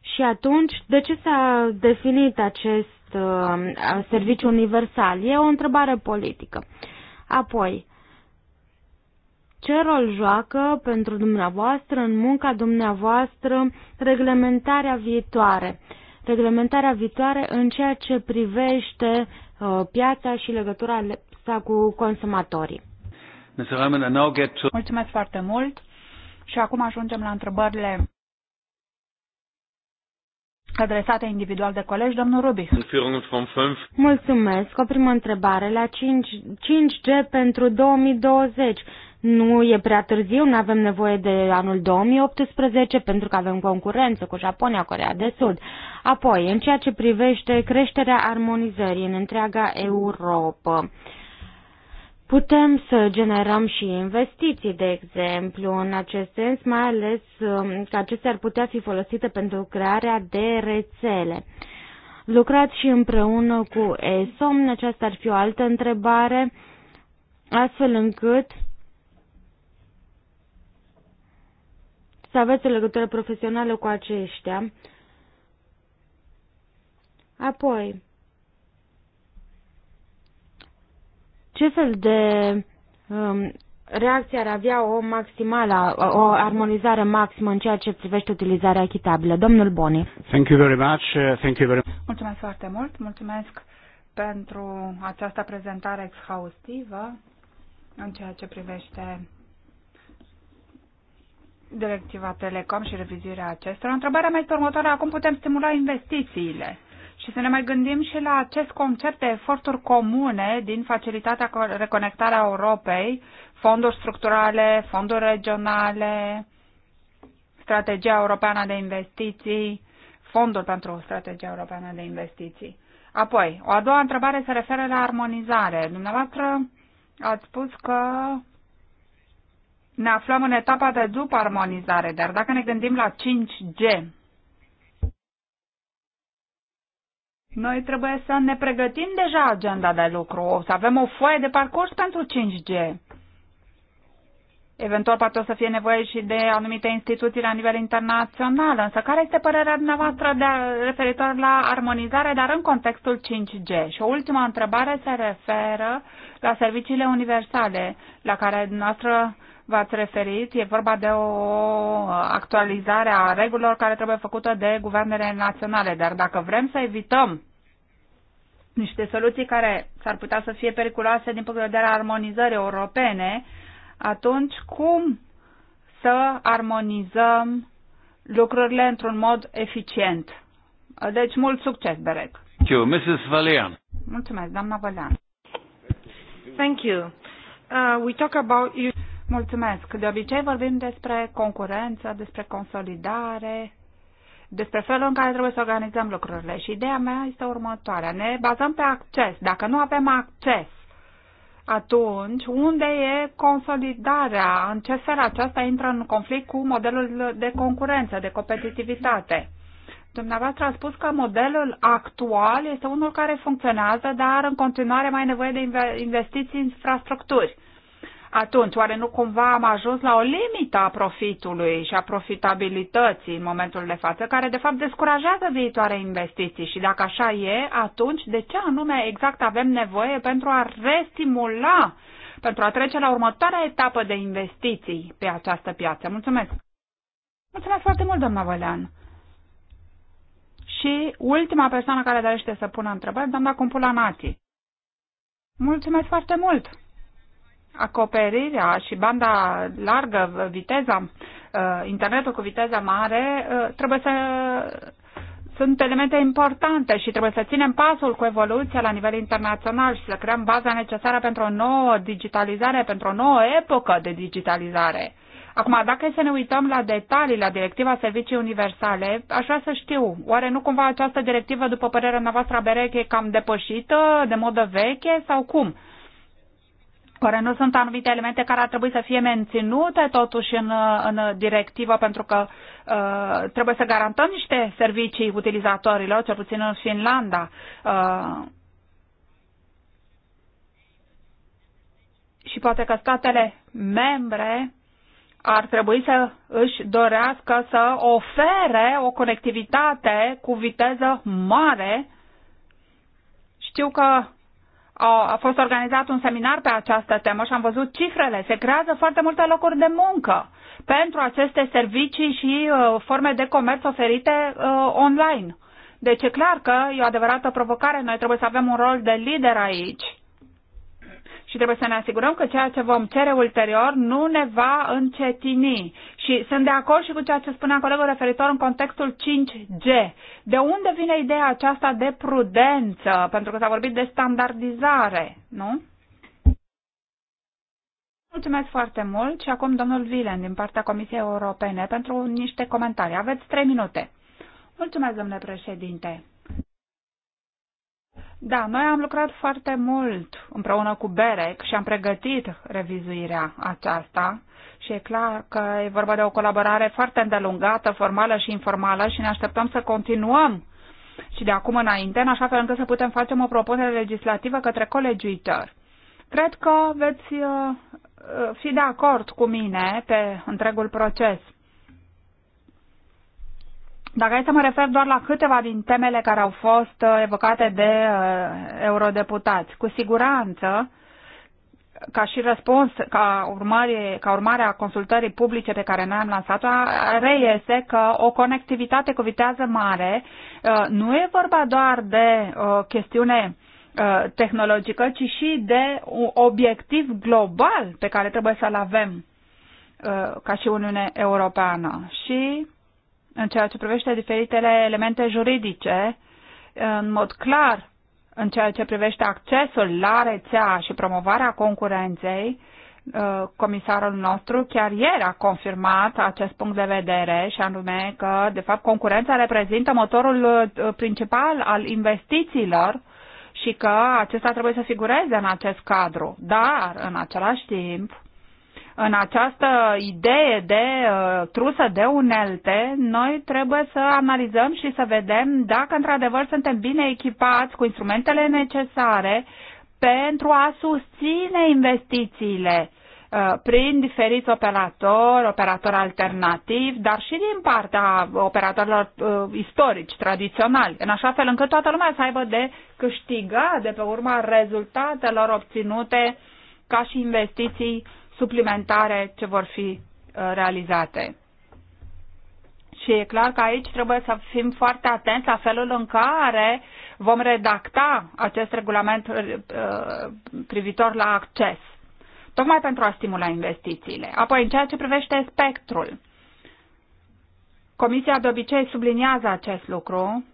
Și atunci, de ce s-a definit acest uh, serviciu universal? E o întrebare politică. Apoi, ce rol joacă pentru dumneavoastră, în munca dumneavoastră, reglementarea viitoare? Reglementarea viitoare în ceea ce privește uh, piața și legătura sa cu consumatorii. Mulțumesc foarte mult. Și acum ajungem la întrebările adresate individual de colegi, domnul Rubic. Mulțumesc. O primă întrebare la 5, 5G pentru 2020. Nu e prea târziu, nu avem nevoie de anul 2018 pentru că avem concurență cu Japonia, Corea de Sud. Apoi, în ceea ce privește creșterea armonizării în întreaga Europa. Uh, Putem să generăm și investiții, de exemplu, în acest sens, mai ales um, că acestea ar putea fi folosite pentru crearea de rețele. Lucrați și împreună cu ESOM, aceasta ar fi o altă întrebare, astfel încât să aveți o legătură profesională cu aceștia. Apoi, Ce fel de um, reacție ar avea o maximală, o armonizare maximă în ceea ce privește utilizarea echitabilă? Domnul Boni. Thank you very much. Uh, thank you very much. Mulțumesc foarte mult. Mulțumesc pentru această prezentare exhaustivă în ceea ce privește directiva Telecom și revizuirea acestora. Întrebarea mea este următoarea. Cum putem stimula investițiile? și să ne mai gândim și la acest concept de eforturi comune din facilitatea reconectarea Europei, fonduri structurale, fonduri regionale, strategia europeană de investiții, fondul pentru strategia europeană de investiții. Apoi, o a doua întrebare se referă la armonizare. Dumneavoastră ați spus că ne aflăm în etapa de după armonizare, dar dacă ne gândim la 5G, Noi trebuie să ne pregătim deja agenda de lucru, să avem o foaie de parcurs pentru 5G. Eventual poate o să fie nevoie și de anumite instituții la nivel internațional, însă care este părerea dumneavoastră de referitor la armonizare, dar în contextul 5G? Și o ultima întrebare se referă la serviciile universale, la care dumneavoastră v-ați referit. E vorba de o actualizare a regulilor care trebuie făcută de guvernele naționale. Dar dacă vrem să evităm niște soluții care s-ar putea să fie periculoase din punct de vedere a armonizării europene, atunci cum să armonizăm lucrurile într-un mod eficient? Deci, mult succes, Berec! Thank you, Mrs. Valian. Mulțumesc, doamna Valian. Thank you. Uh, we talk about Mulțumesc. De obicei vorbim despre concurență, despre consolidare, despre felul în care trebuie să organizăm lucrurile. Și ideea mea este următoarea. Ne bazăm pe acces. Dacă nu avem acces, atunci unde e consolidarea? În ce fel aceasta intră în conflict cu modelul de concurență, de competitivitate? Dumneavoastră a spus că modelul actual este unul care funcționează, dar în continuare mai nevoie de investiții în infrastructuri atunci, oare nu cumva am ajuns la o limită a profitului și a profitabilității în momentul de față, care de fapt descurajează viitoare investiții și dacă așa e, atunci de ce anume exact avem nevoie pentru a restimula, pentru a trece la următoarea etapă de investiții pe această piață? Mulțumesc! Mulțumesc foarte mult, doamna Vălean! Și ultima persoană care dorește să pună întrebări, doamna Cumpula Nații. Mulțumesc foarte mult! acoperirea și banda largă, viteza, uh, internetul cu viteza mare, uh, trebuie să sunt elemente importante și trebuie să ținem pasul cu evoluția la nivel internațional și să creăm baza necesară pentru o nouă digitalizare, pentru o nouă epocă de digitalizare. Acum, dacă e să ne uităm la detalii, la directiva servicii universale, aș vrea să știu, oare nu cumva această directivă, după părerea noastră, a e cam depășită, de modă veche sau cum? oare nu sunt anumite elemente care ar trebui să fie menținute totuși în, în directivă pentru că uh, trebuie să garantăm niște servicii utilizatorilor, cel puțin în Finlanda. Uh, și poate că statele membre ar trebui să își dorească să ofere o conectivitate cu viteză mare. Știu că a fost organizat un seminar pe această temă și am văzut cifrele. Se creează foarte multe locuri de muncă pentru aceste servicii și uh, forme de comerț oferite uh, online. Deci e clar că e o adevărată provocare. Noi trebuie să avem un rol de lider aici și trebuie să ne asigurăm că ceea ce vom cere ulterior nu ne va încetini. Și sunt de acord și cu ceea ce spunea colegul referitor în contextul 5G. De unde vine ideea aceasta de prudență? Pentru că s-a vorbit de standardizare, nu? Mulțumesc foarte mult și acum domnul Vilen din partea Comisiei Europene pentru niște comentarii. Aveți trei minute. Mulțumesc, domnule președinte. Da, noi am lucrat foarte mult împreună cu Berec și am pregătit revizuirea aceasta și e clar că e vorba de o colaborare foarte îndelungată, formală și informală și ne așteptăm să continuăm și de acum înainte, în așa fel încât să putem face o propunere legislativă către colegiuitor. Cred că veți uh, uh, fi de acord cu mine pe întregul proces. Dacă e să mă refer doar la câteva din temele care au fost uh, evocate de uh, eurodeputați, cu siguranță, ca și răspuns, ca urmare, ca urmare a consultării publice pe care noi am lansat-o, reiese că o conectivitate cu viteză mare uh, nu e vorba doar de o chestiune tehnologică, ci și de un obiectiv global pe care trebuie să-l avem ca și Uniune Europeană. Și în ceea ce privește diferitele elemente juridice, în mod clar, în ceea ce privește accesul la rețea și promovarea concurenței, uh, comisarul nostru chiar ieri a confirmat acest punct de vedere și anume că, de fapt, concurența reprezintă motorul uh, principal al investițiilor și că acesta trebuie să figureze în acest cadru. Dar, în același timp, în această idee de uh, trusă de unelte, noi trebuie să analizăm și să vedem dacă într-adevăr suntem bine echipați cu instrumentele necesare pentru a susține investițiile uh, prin diferiți operatori, operatori alternativi, dar și din partea operatorilor uh, istorici, tradiționali, în așa fel încât toată lumea să aibă de câștigat de pe urma rezultatelor obținute ca și investiții uh, suplimentare ce vor fi uh, realizate. Și e clar că aici trebuie să fim foarte atenți la felul în care vom redacta acest regulament uh, privitor la acces, tocmai pentru a stimula investițiile. Apoi, în ceea ce privește spectrul, Comisia de obicei subliniază acest lucru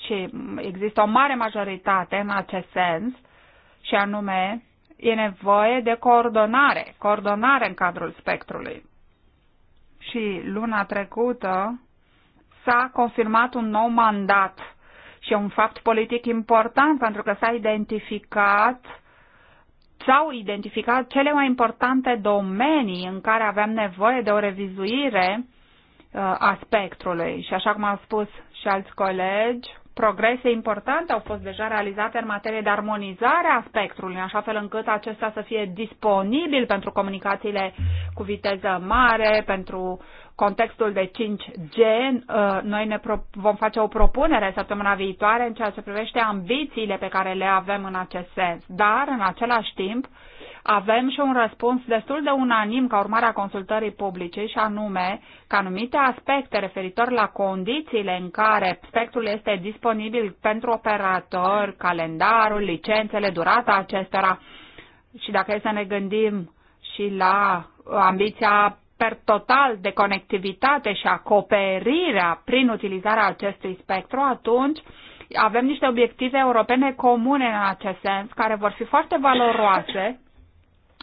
și există o mare majoritate în acest sens, și anume e nevoie de coordonare, coordonare în cadrul spectrului. Și luna trecută s-a confirmat un nou mandat și e un fapt politic important pentru că s-a identificat s-au identificat cele mai importante domenii în care avem nevoie de o revizuire uh, a spectrului. Și așa cum au spus și alți colegi, progrese importante au fost deja realizate în materie de armonizare a spectrului, în așa fel încât acesta să fie disponibil pentru comunicațiile cu viteză mare, pentru contextul de 5G. Uh, noi ne vom face o propunere săptămâna viitoare în ceea ce privește ambițiile pe care le avem în acest sens, dar în același timp avem și un răspuns destul de unanim ca urmare a consultării publice și anume că anumite aspecte referitor la condițiile în care spectrul este disponibil pentru operator, calendarul, licențele, durata acestora și dacă e să ne gândim și la uh, ambiția per total de conectivitate și acoperirea prin utilizarea acestui spectru, atunci avem niște obiective europene comune în acest sens, care vor fi foarte valoroase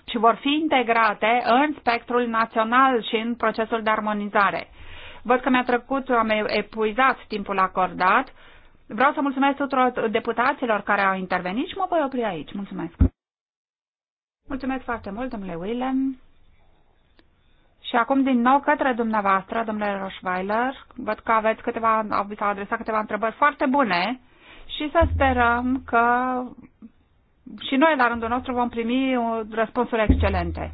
ci vor fi integrate în spectrul național și în procesul de armonizare. Văd că mi-a trecut, am epuizat timpul acordat. Vreau să mulțumesc tuturor deputaților care au intervenit și mă voi opri aici. Mulțumesc! Mulțumesc foarte mult, domnule Willem. Și acum din nou către dumneavoastră, domnule Roșweiler, văd că aveți câteva, s-au adresat câteva întrebări foarte bune și să sperăm că și noi, la rândul nostru, vom primi răspunsuri excelente.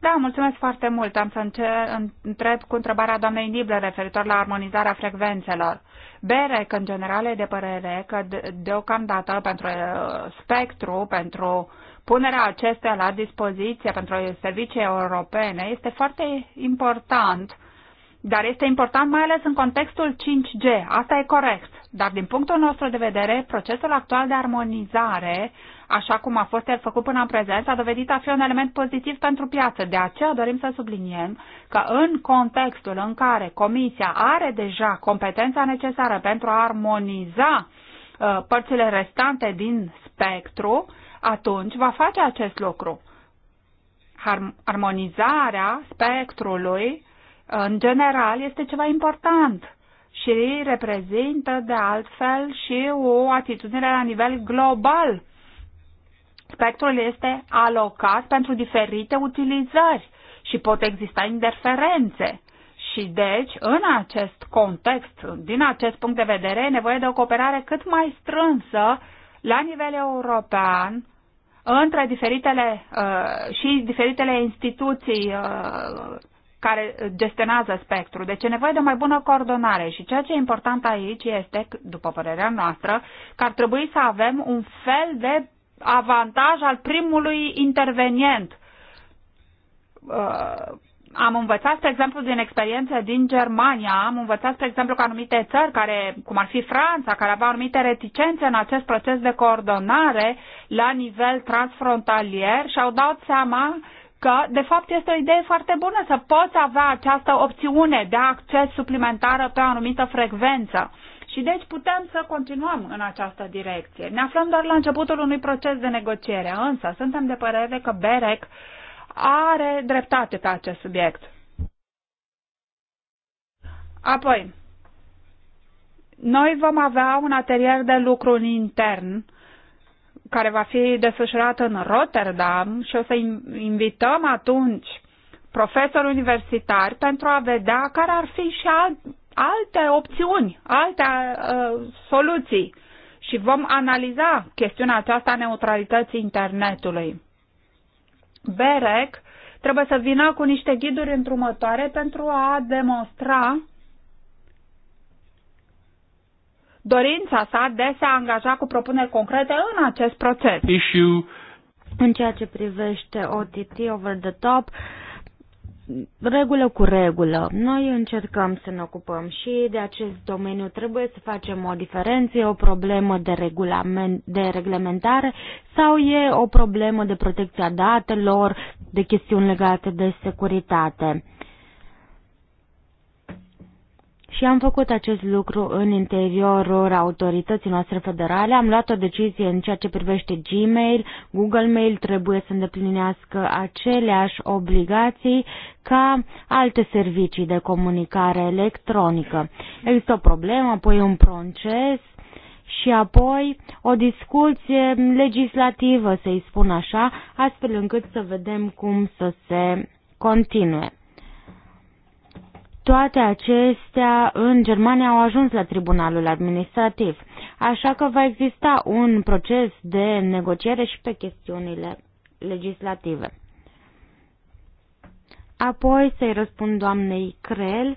Da, mulțumesc foarte mult. Am să întreb cu întrebarea doamnei Nibler referitor la armonizarea frecvențelor. BEREC, în general, e de părere că deocamdată pentru uh, spectru, pentru punerea acestea la dispoziție pentru servicii europene este foarte important, dar este important mai ales în contextul 5G. Asta e corect. Dar din punctul nostru de vedere, procesul actual de armonizare, așa cum a fost el făcut până în prezent, a dovedit a fi un element pozitiv pentru piață. De aceea dorim să subliniem că în contextul în care Comisia are deja competența necesară pentru a armoniza uh, părțile restante din spectru, atunci va face acest lucru. Armonizarea spectrului, uh, în general, este ceva important și reprezintă de altfel și o atitudine la nivel global. Spectrul este alocat pentru diferite utilizări și pot exista interferențe. Și deci, în acest context, din acest punct de vedere, e nevoie de o cooperare cât mai strânsă la nivel european între diferitele uh, și diferitele instituții uh, care gestionează spectru. Deci e nevoie de mai bună coordonare și ceea ce e important aici este, după părerea noastră, că ar trebui să avem un fel de avantaj al primului intervenient. Uh, am învățat, spre exemplu, din experiență din Germania, am învățat, spre exemplu, că anumite țări, care, cum ar fi Franța, care aveau anumite reticențe în acest proces de coordonare la nivel transfrontalier și au dat seama că, de fapt, este o idee foarte bună să poți avea această opțiune de acces suplimentară pe o anumită frecvență. Și deci putem să continuăm în această direcție. Ne aflăm doar la începutul unui proces de negociere, însă suntem de părere că BEREC are dreptate pe acest subiect. Apoi, noi vom avea un atelier de lucru în intern care va fi desfășurată în Rotterdam și o să invităm atunci profesori universitari pentru a vedea care ar fi și alte opțiuni, alte uh, soluții și vom analiza chestiunea aceasta a neutralității internetului. BEREC trebuie să vină cu niște ghiduri întrumătoare pentru a demonstra dorința sa de se angaja cu propuneri concrete în acest proces. Issue. În ceea ce privește OTT over the top, regulă cu regulă. Noi încercăm să ne ocupăm și de acest domeniu. Trebuie să facem o diferență, e o problemă de, regulament, de reglementare sau e o problemă de protecția datelor, de chestiuni legate de securitate. Și am făcut acest lucru în interiorul autorității noastre federale. Am luat o decizie în ceea ce privește Gmail. Google Mail trebuie să îndeplinească aceleași obligații ca alte servicii de comunicare electronică. Există o problemă, apoi un proces și apoi o discuție legislativă, să-i spun așa, astfel încât să vedem cum să se continue. Toate acestea în Germania au ajuns la tribunalul administrativ, așa că va exista un proces de negociere și pe chestiunile legislative. Apoi să-i răspund doamnei Crel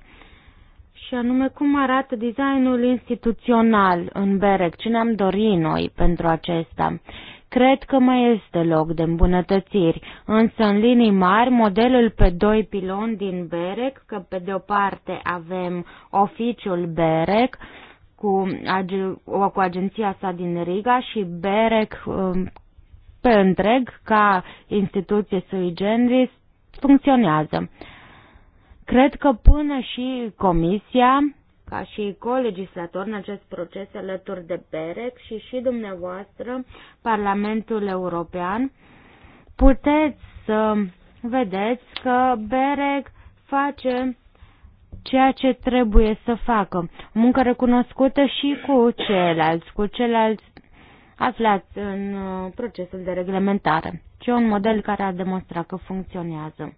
și anume cum arată designul instituțional în BEREC, ce ne-am dorit noi pentru acesta. Cred că mai este loc de îmbunătățiri, însă în linii mari modelul pe doi piloni din BEREC, că pe de o parte avem oficiul BEREC, cu, cu agenția sa din Riga și BEREC um, pe întreg ca instituție sui generis funcționează. Cred că până și comisia ca și colegislator în acest proces alături de BEREC și și dumneavoastră, Parlamentul European, puteți să vedeți că BEREC face ceea ce trebuie să facă. Muncă recunoscută și cu ceilalți, cu ceilalți aflați în uh, procesul de reglementare, Ce un model care a demonstrat că funcționează.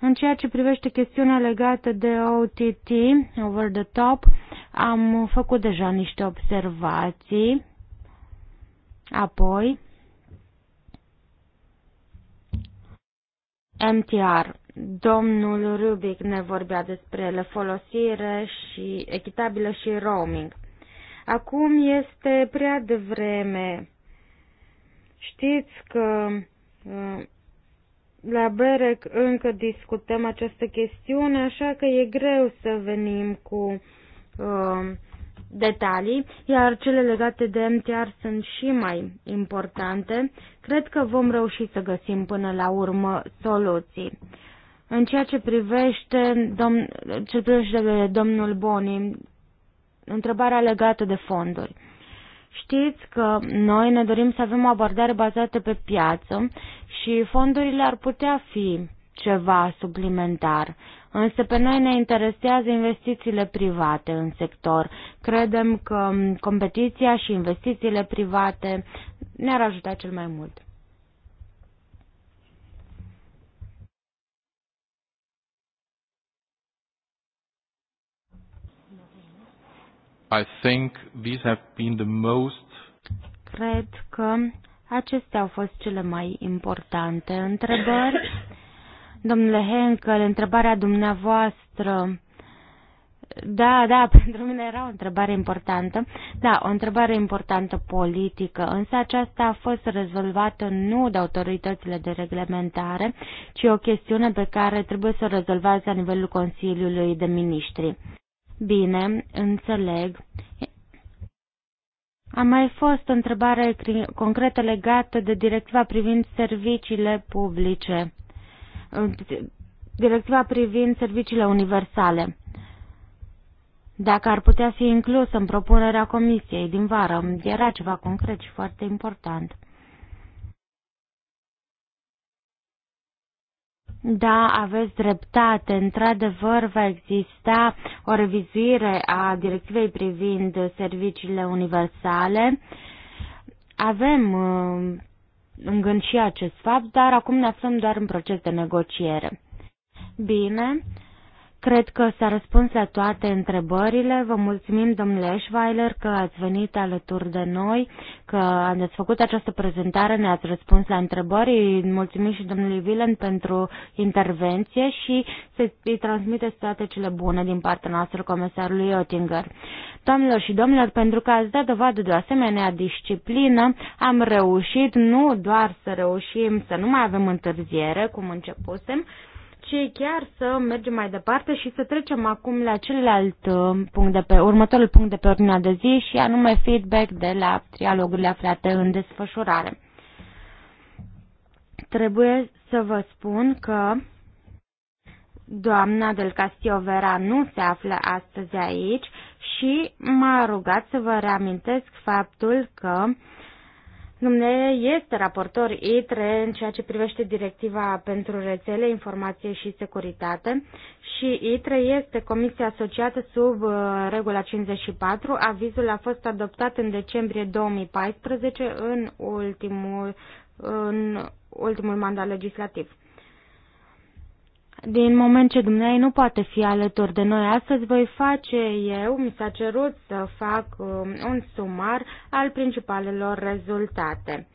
În ceea ce privește chestiunea legată de OTT, over the top, am făcut deja niște observații. Apoi, MTR. Domnul Rubic ne vorbea despre ele, folosire și echitabilă și roaming. Acum este prea devreme. Știți că uh, la BEREC încă discutăm această chestiune, așa că e greu să venim cu uh, detalii, iar cele legate de MTR sunt și mai importante. Cred că vom reuși să găsim până la urmă soluții. În ceea ce privește, domn, ce privește domnul Boni, întrebarea legată de fonduri. Știți că noi ne dorim să avem o abordare bazată pe piață și fondurile ar putea fi ceva suplimentar. Însă pe noi ne interesează investițiile private în sector. Credem că competiția și investițiile private ne-ar ajuta cel mai mult. I think these have been the most Cred că acestea au fost cele mai importante întrebări. Domnule Henkel, întrebarea dumneavoastră. Da, da, pentru mine era o întrebare importantă. Da, o întrebare importantă politică, însă aceasta a fost rezolvată nu de autoritățile de reglementare, ci o chestiune pe care trebuie să o rezolvați la nivelul Consiliului de Ministri. Bine, înțeleg. A mai fost o întrebare concretă legată de directiva privind serviciile publice, directiva privind serviciile universale. Dacă ar putea fi inclusă în propunerea comisiei din vară, era ceva concret și foarte important. Da, aveți dreptate. Într-adevăr, va exista o revizuire a directivei privind serviciile universale. Avem uh, în gând și acest fapt, dar acum ne aflăm doar în proces de negociere. Bine, Cred că s-a răspuns la toate întrebările. Vă mulțumim, domnule Eschweiler, că ați venit alături de noi, că ați făcut această prezentare, ne-ați răspuns la întrebări. Mulțumim și domnului Vilen pentru intervenție și să îi transmiteți toate cele bune din partea noastră comisarului Oettinger. Doamnelor și domnilor, pentru că ați dat dovadă de o asemenea disciplină, am reușit nu doar să reușim să nu mai avem întârziere, cum începusem, ci chiar să mergem mai departe și să trecem acum la celălalt uh, punct de pe, următorul punct de pe ordinea de zi și anume feedback de la trialogurile aflate în desfășurare. Trebuie să vă spun că doamna del Castillo Vera nu se află astăzi aici și m-a rugat să vă reamintesc faptul că uh, Dumnezeu este raportor ITRE în ceea ce privește directiva pentru rețele, informație și securitate și ITRE este comisia asociată sub uh, regula 54. Avizul a fost adoptat în decembrie 2014 în ultimul, în ultimul mandat legislativ. Din moment ce dumneai nu poate fi alături de noi astăzi, voi face eu, mi s-a cerut să fac um, un sumar al principalelor rezultate.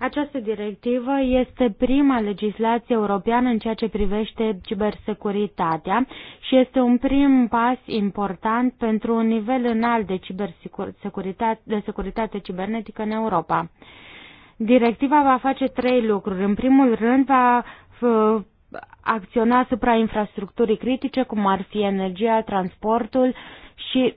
Această directivă este prima legislație europeană în ceea ce privește cibersecuritatea și este un prim pas important pentru un nivel înalt de, cibersecuritate, de securitate cibernetică în Europa. Directiva va face trei lucruri. În primul rând, va uh, acționa asupra infrastructurii critice, cum ar fi energia, transportul și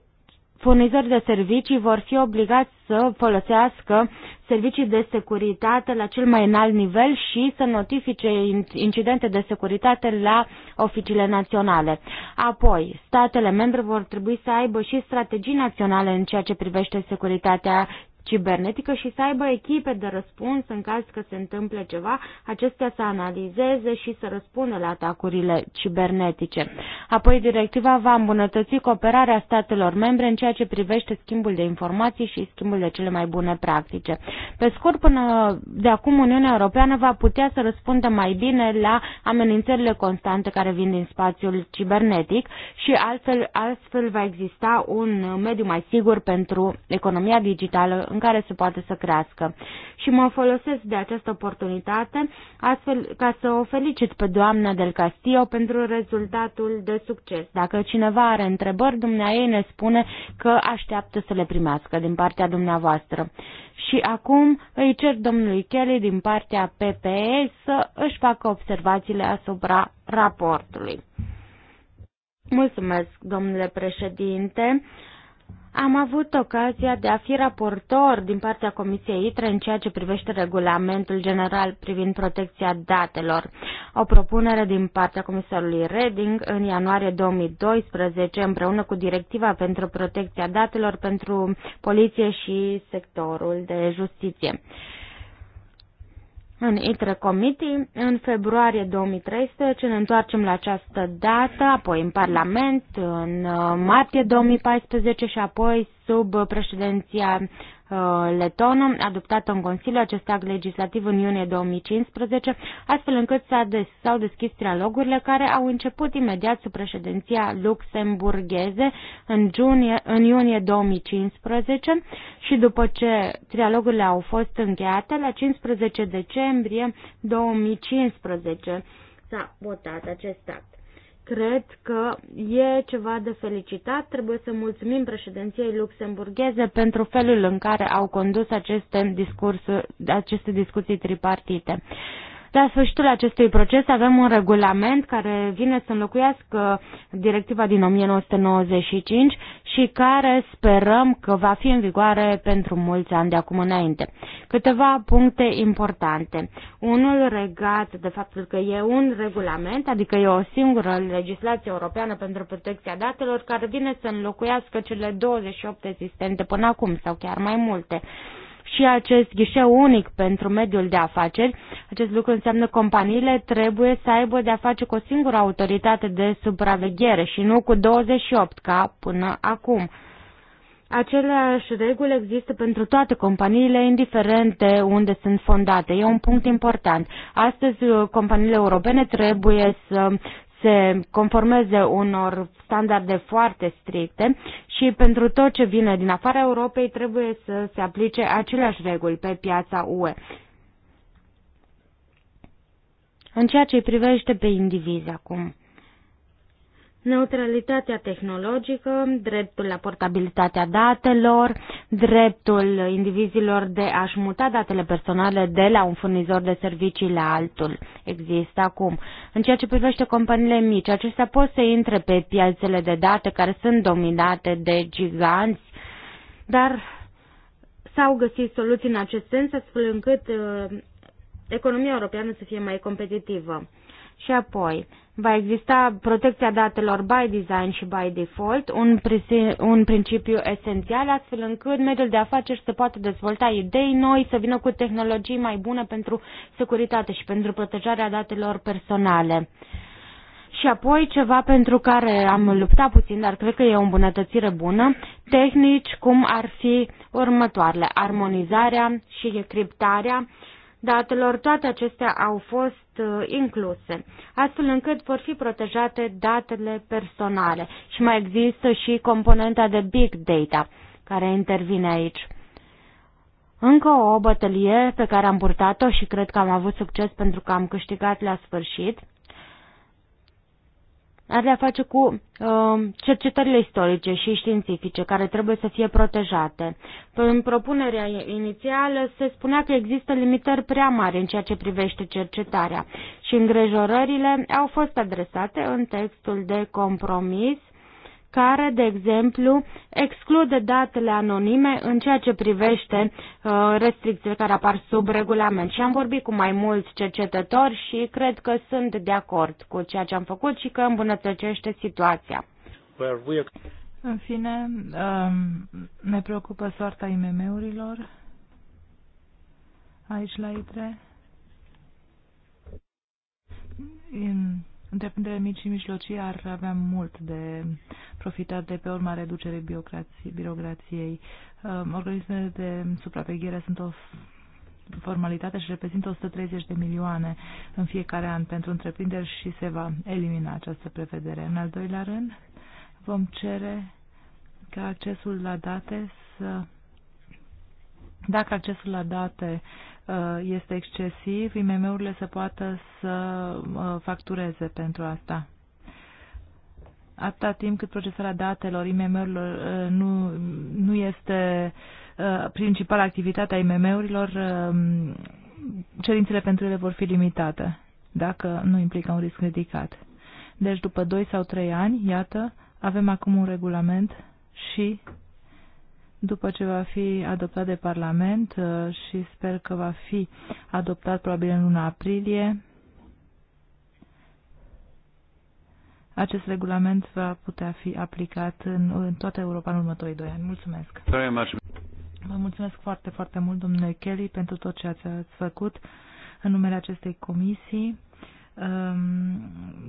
furnizori de servicii vor fi obligați să folosească servicii de securitate la cel mai înalt nivel și să notifice incidente de securitate la oficiile naționale. Apoi, statele membre vor trebui să aibă și strategii naționale în ceea ce privește securitatea cibernetică și să aibă echipe de răspuns în caz că se întâmplă ceva, acestea să analizeze și să răspundă la atacurile cibernetice. Apoi, directiva va îmbunătăți cooperarea statelor membre în ceea ce privește schimbul de informații și schimbul de cele mai bune practice. Pe scurt, până de acum Uniunea Europeană va putea să răspundă mai bine la amenințările constante care vin din spațiul cibernetic și altfel, astfel va exista un mediu mai sigur pentru economia digitală în care se poate să crească. Și mă folosesc de această oportunitate astfel ca să o felicit pe doamna Del Castillo pentru rezultatul de succes. Dacă cineva are întrebări, dumnea ei ne spune că așteaptă să le primească din partea dumneavoastră. Și acum îi cer domnului Kelly din partea PPE să își facă observațiile asupra raportului. Mulțumesc, domnule președinte. Am avut ocazia de a fi raportor din partea Comisiei ITRE în ceea ce privește regulamentul general privind protecția datelor. O propunere din partea comisarului Reding în ianuarie 2012 împreună cu directiva pentru protecția datelor pentru poliție și sectorul de justiție în ITRE Committee în februarie 2013, ne întoarcem la această dată, apoi în Parlament în uh, martie 2014 și apoi sub președinția Uh, letonă, adoptată în Consiliu acest act legislativ în iunie 2015, astfel încât s-au deschis trialogurile care au început imediat sub președinția luxemburgheze în, junie, în iunie 2015 și după ce trialogurile au fost încheiate, la 15 decembrie 2015 s-a votat acest act. Cred că e ceva de felicitat. Trebuie să mulțumim președinției luxemburgheze pentru felul în care au condus aceste, discursuri, aceste discuții tripartite. La sfârșitul acestui proces avem un regulament care vine să înlocuiască directiva din 1995 și care sperăm că va fi în vigoare pentru mulți ani de acum înainte. Câteva puncte importante. Unul regat de faptul că e un regulament, adică e o singură legislație europeană pentru protecția datelor care vine să înlocuiască cele 28 existente până acum sau chiar mai multe și acest ghișeu unic pentru mediul de afaceri. Acest lucru înseamnă companiile trebuie să aibă de a face cu o singură autoritate de supraveghere și nu cu 28 ca până acum. Aceleași reguli există pentru toate companiile, indiferent de unde sunt fondate. E un punct important. Astăzi, companiile europene trebuie să se conformeze unor standarde foarte stricte și pentru tot ce vine din afara Europei trebuie să se aplice aceleași reguli pe piața UE. În ceea ce privește pe indivizi acum. Neutralitatea tehnologică, dreptul la portabilitatea datelor, dreptul indivizilor de a-și muta datele personale de la un furnizor de servicii la altul există acum. În ceea ce privește companiile mici, acestea pot să intre pe piațele de date care sunt dominate de giganți, dar s-au găsit soluții în acest sens astfel încât uh, economia europeană să fie mai competitivă. Și apoi, va exista protecția datelor by design și by default, un, un principiu esențial, astfel încât mediul de afaceri să poată dezvolta idei noi, să vină cu tehnologii mai bune pentru securitate și pentru protejarea datelor personale. Și apoi ceva pentru care am luptat puțin, dar cred că e o îmbunătățire bună, tehnici cum ar fi următoarele, armonizarea și criptarea, datelor, toate acestea au fost uh, incluse, astfel încât vor fi protejate datele personale și mai există și componenta de big data care intervine aici. Încă o bătălie pe care am purtat-o și cred că am avut succes pentru că am câștigat la sfârșit are de-a face cu uh, cercetările istorice și științifice care trebuie să fie protejate. În propunerea inițială se spunea că există limitări prea mari în ceea ce privește cercetarea și îngrejorările au fost adresate în textul de compromis care, de exemplu, exclude datele anonime în ceea ce privește uh, restricțiile care apar sub regulament. Și am vorbit cu mai mulți cercetători și cred că sunt de acord cu ceea ce am făcut și că îmbunătățește situația. În fine, um, ne preocupă soarta IMM-urilor aici la ITRE întreprinderile mici și mijlocii ar avea mult de profitat de pe urma reducerii birocrației. Um, organismele de supraveghere sunt o formalitate și reprezintă 130 de milioane în fiecare an pentru întreprinderi și se va elimina această prevedere. În al doilea rând, vom cere ca accesul la date să dacă accesul la date Uh, este excesiv, IMM-urile să poată să uh, factureze pentru asta. Atâta timp cât procesarea datelor IMM-urilor uh, nu, nu este principala activitate a IMM-urilor, um, cerințele pentru ele vor fi limitate, dacă nu implică un risc ridicat. Deci după 2 sau 3 ani, iată, avem acum un regulament și după ce va fi adoptat de Parlament uh, și sper că va fi adoptat probabil în luna aprilie, acest regulament va putea fi aplicat în, în toată Europa în următorii doi ani. Mulțumesc! Vă mulțumesc foarte, foarte mult, domnule Kelly, pentru tot ce ați făcut în numele acestei comisii Um,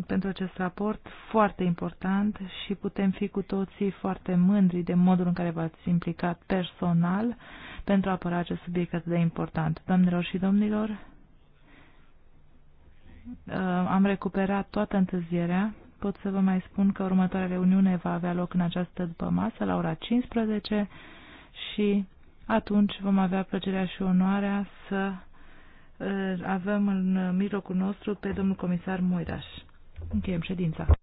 pentru acest raport foarte important și putem fi cu toții foarte mândri de modul în care v-ați implicat personal pentru a apăra acest subiect atât de important. Doamnelor și domnilor, uh, am recuperat toată întârzierea. Pot să vă mai spun că următoarea reuniune va avea loc în această după masă la ora 15 și atunci vom avea plăcerea și onoarea să avem în mijlocul nostru pe domnul comisar Moiraș. Încheiem ședința.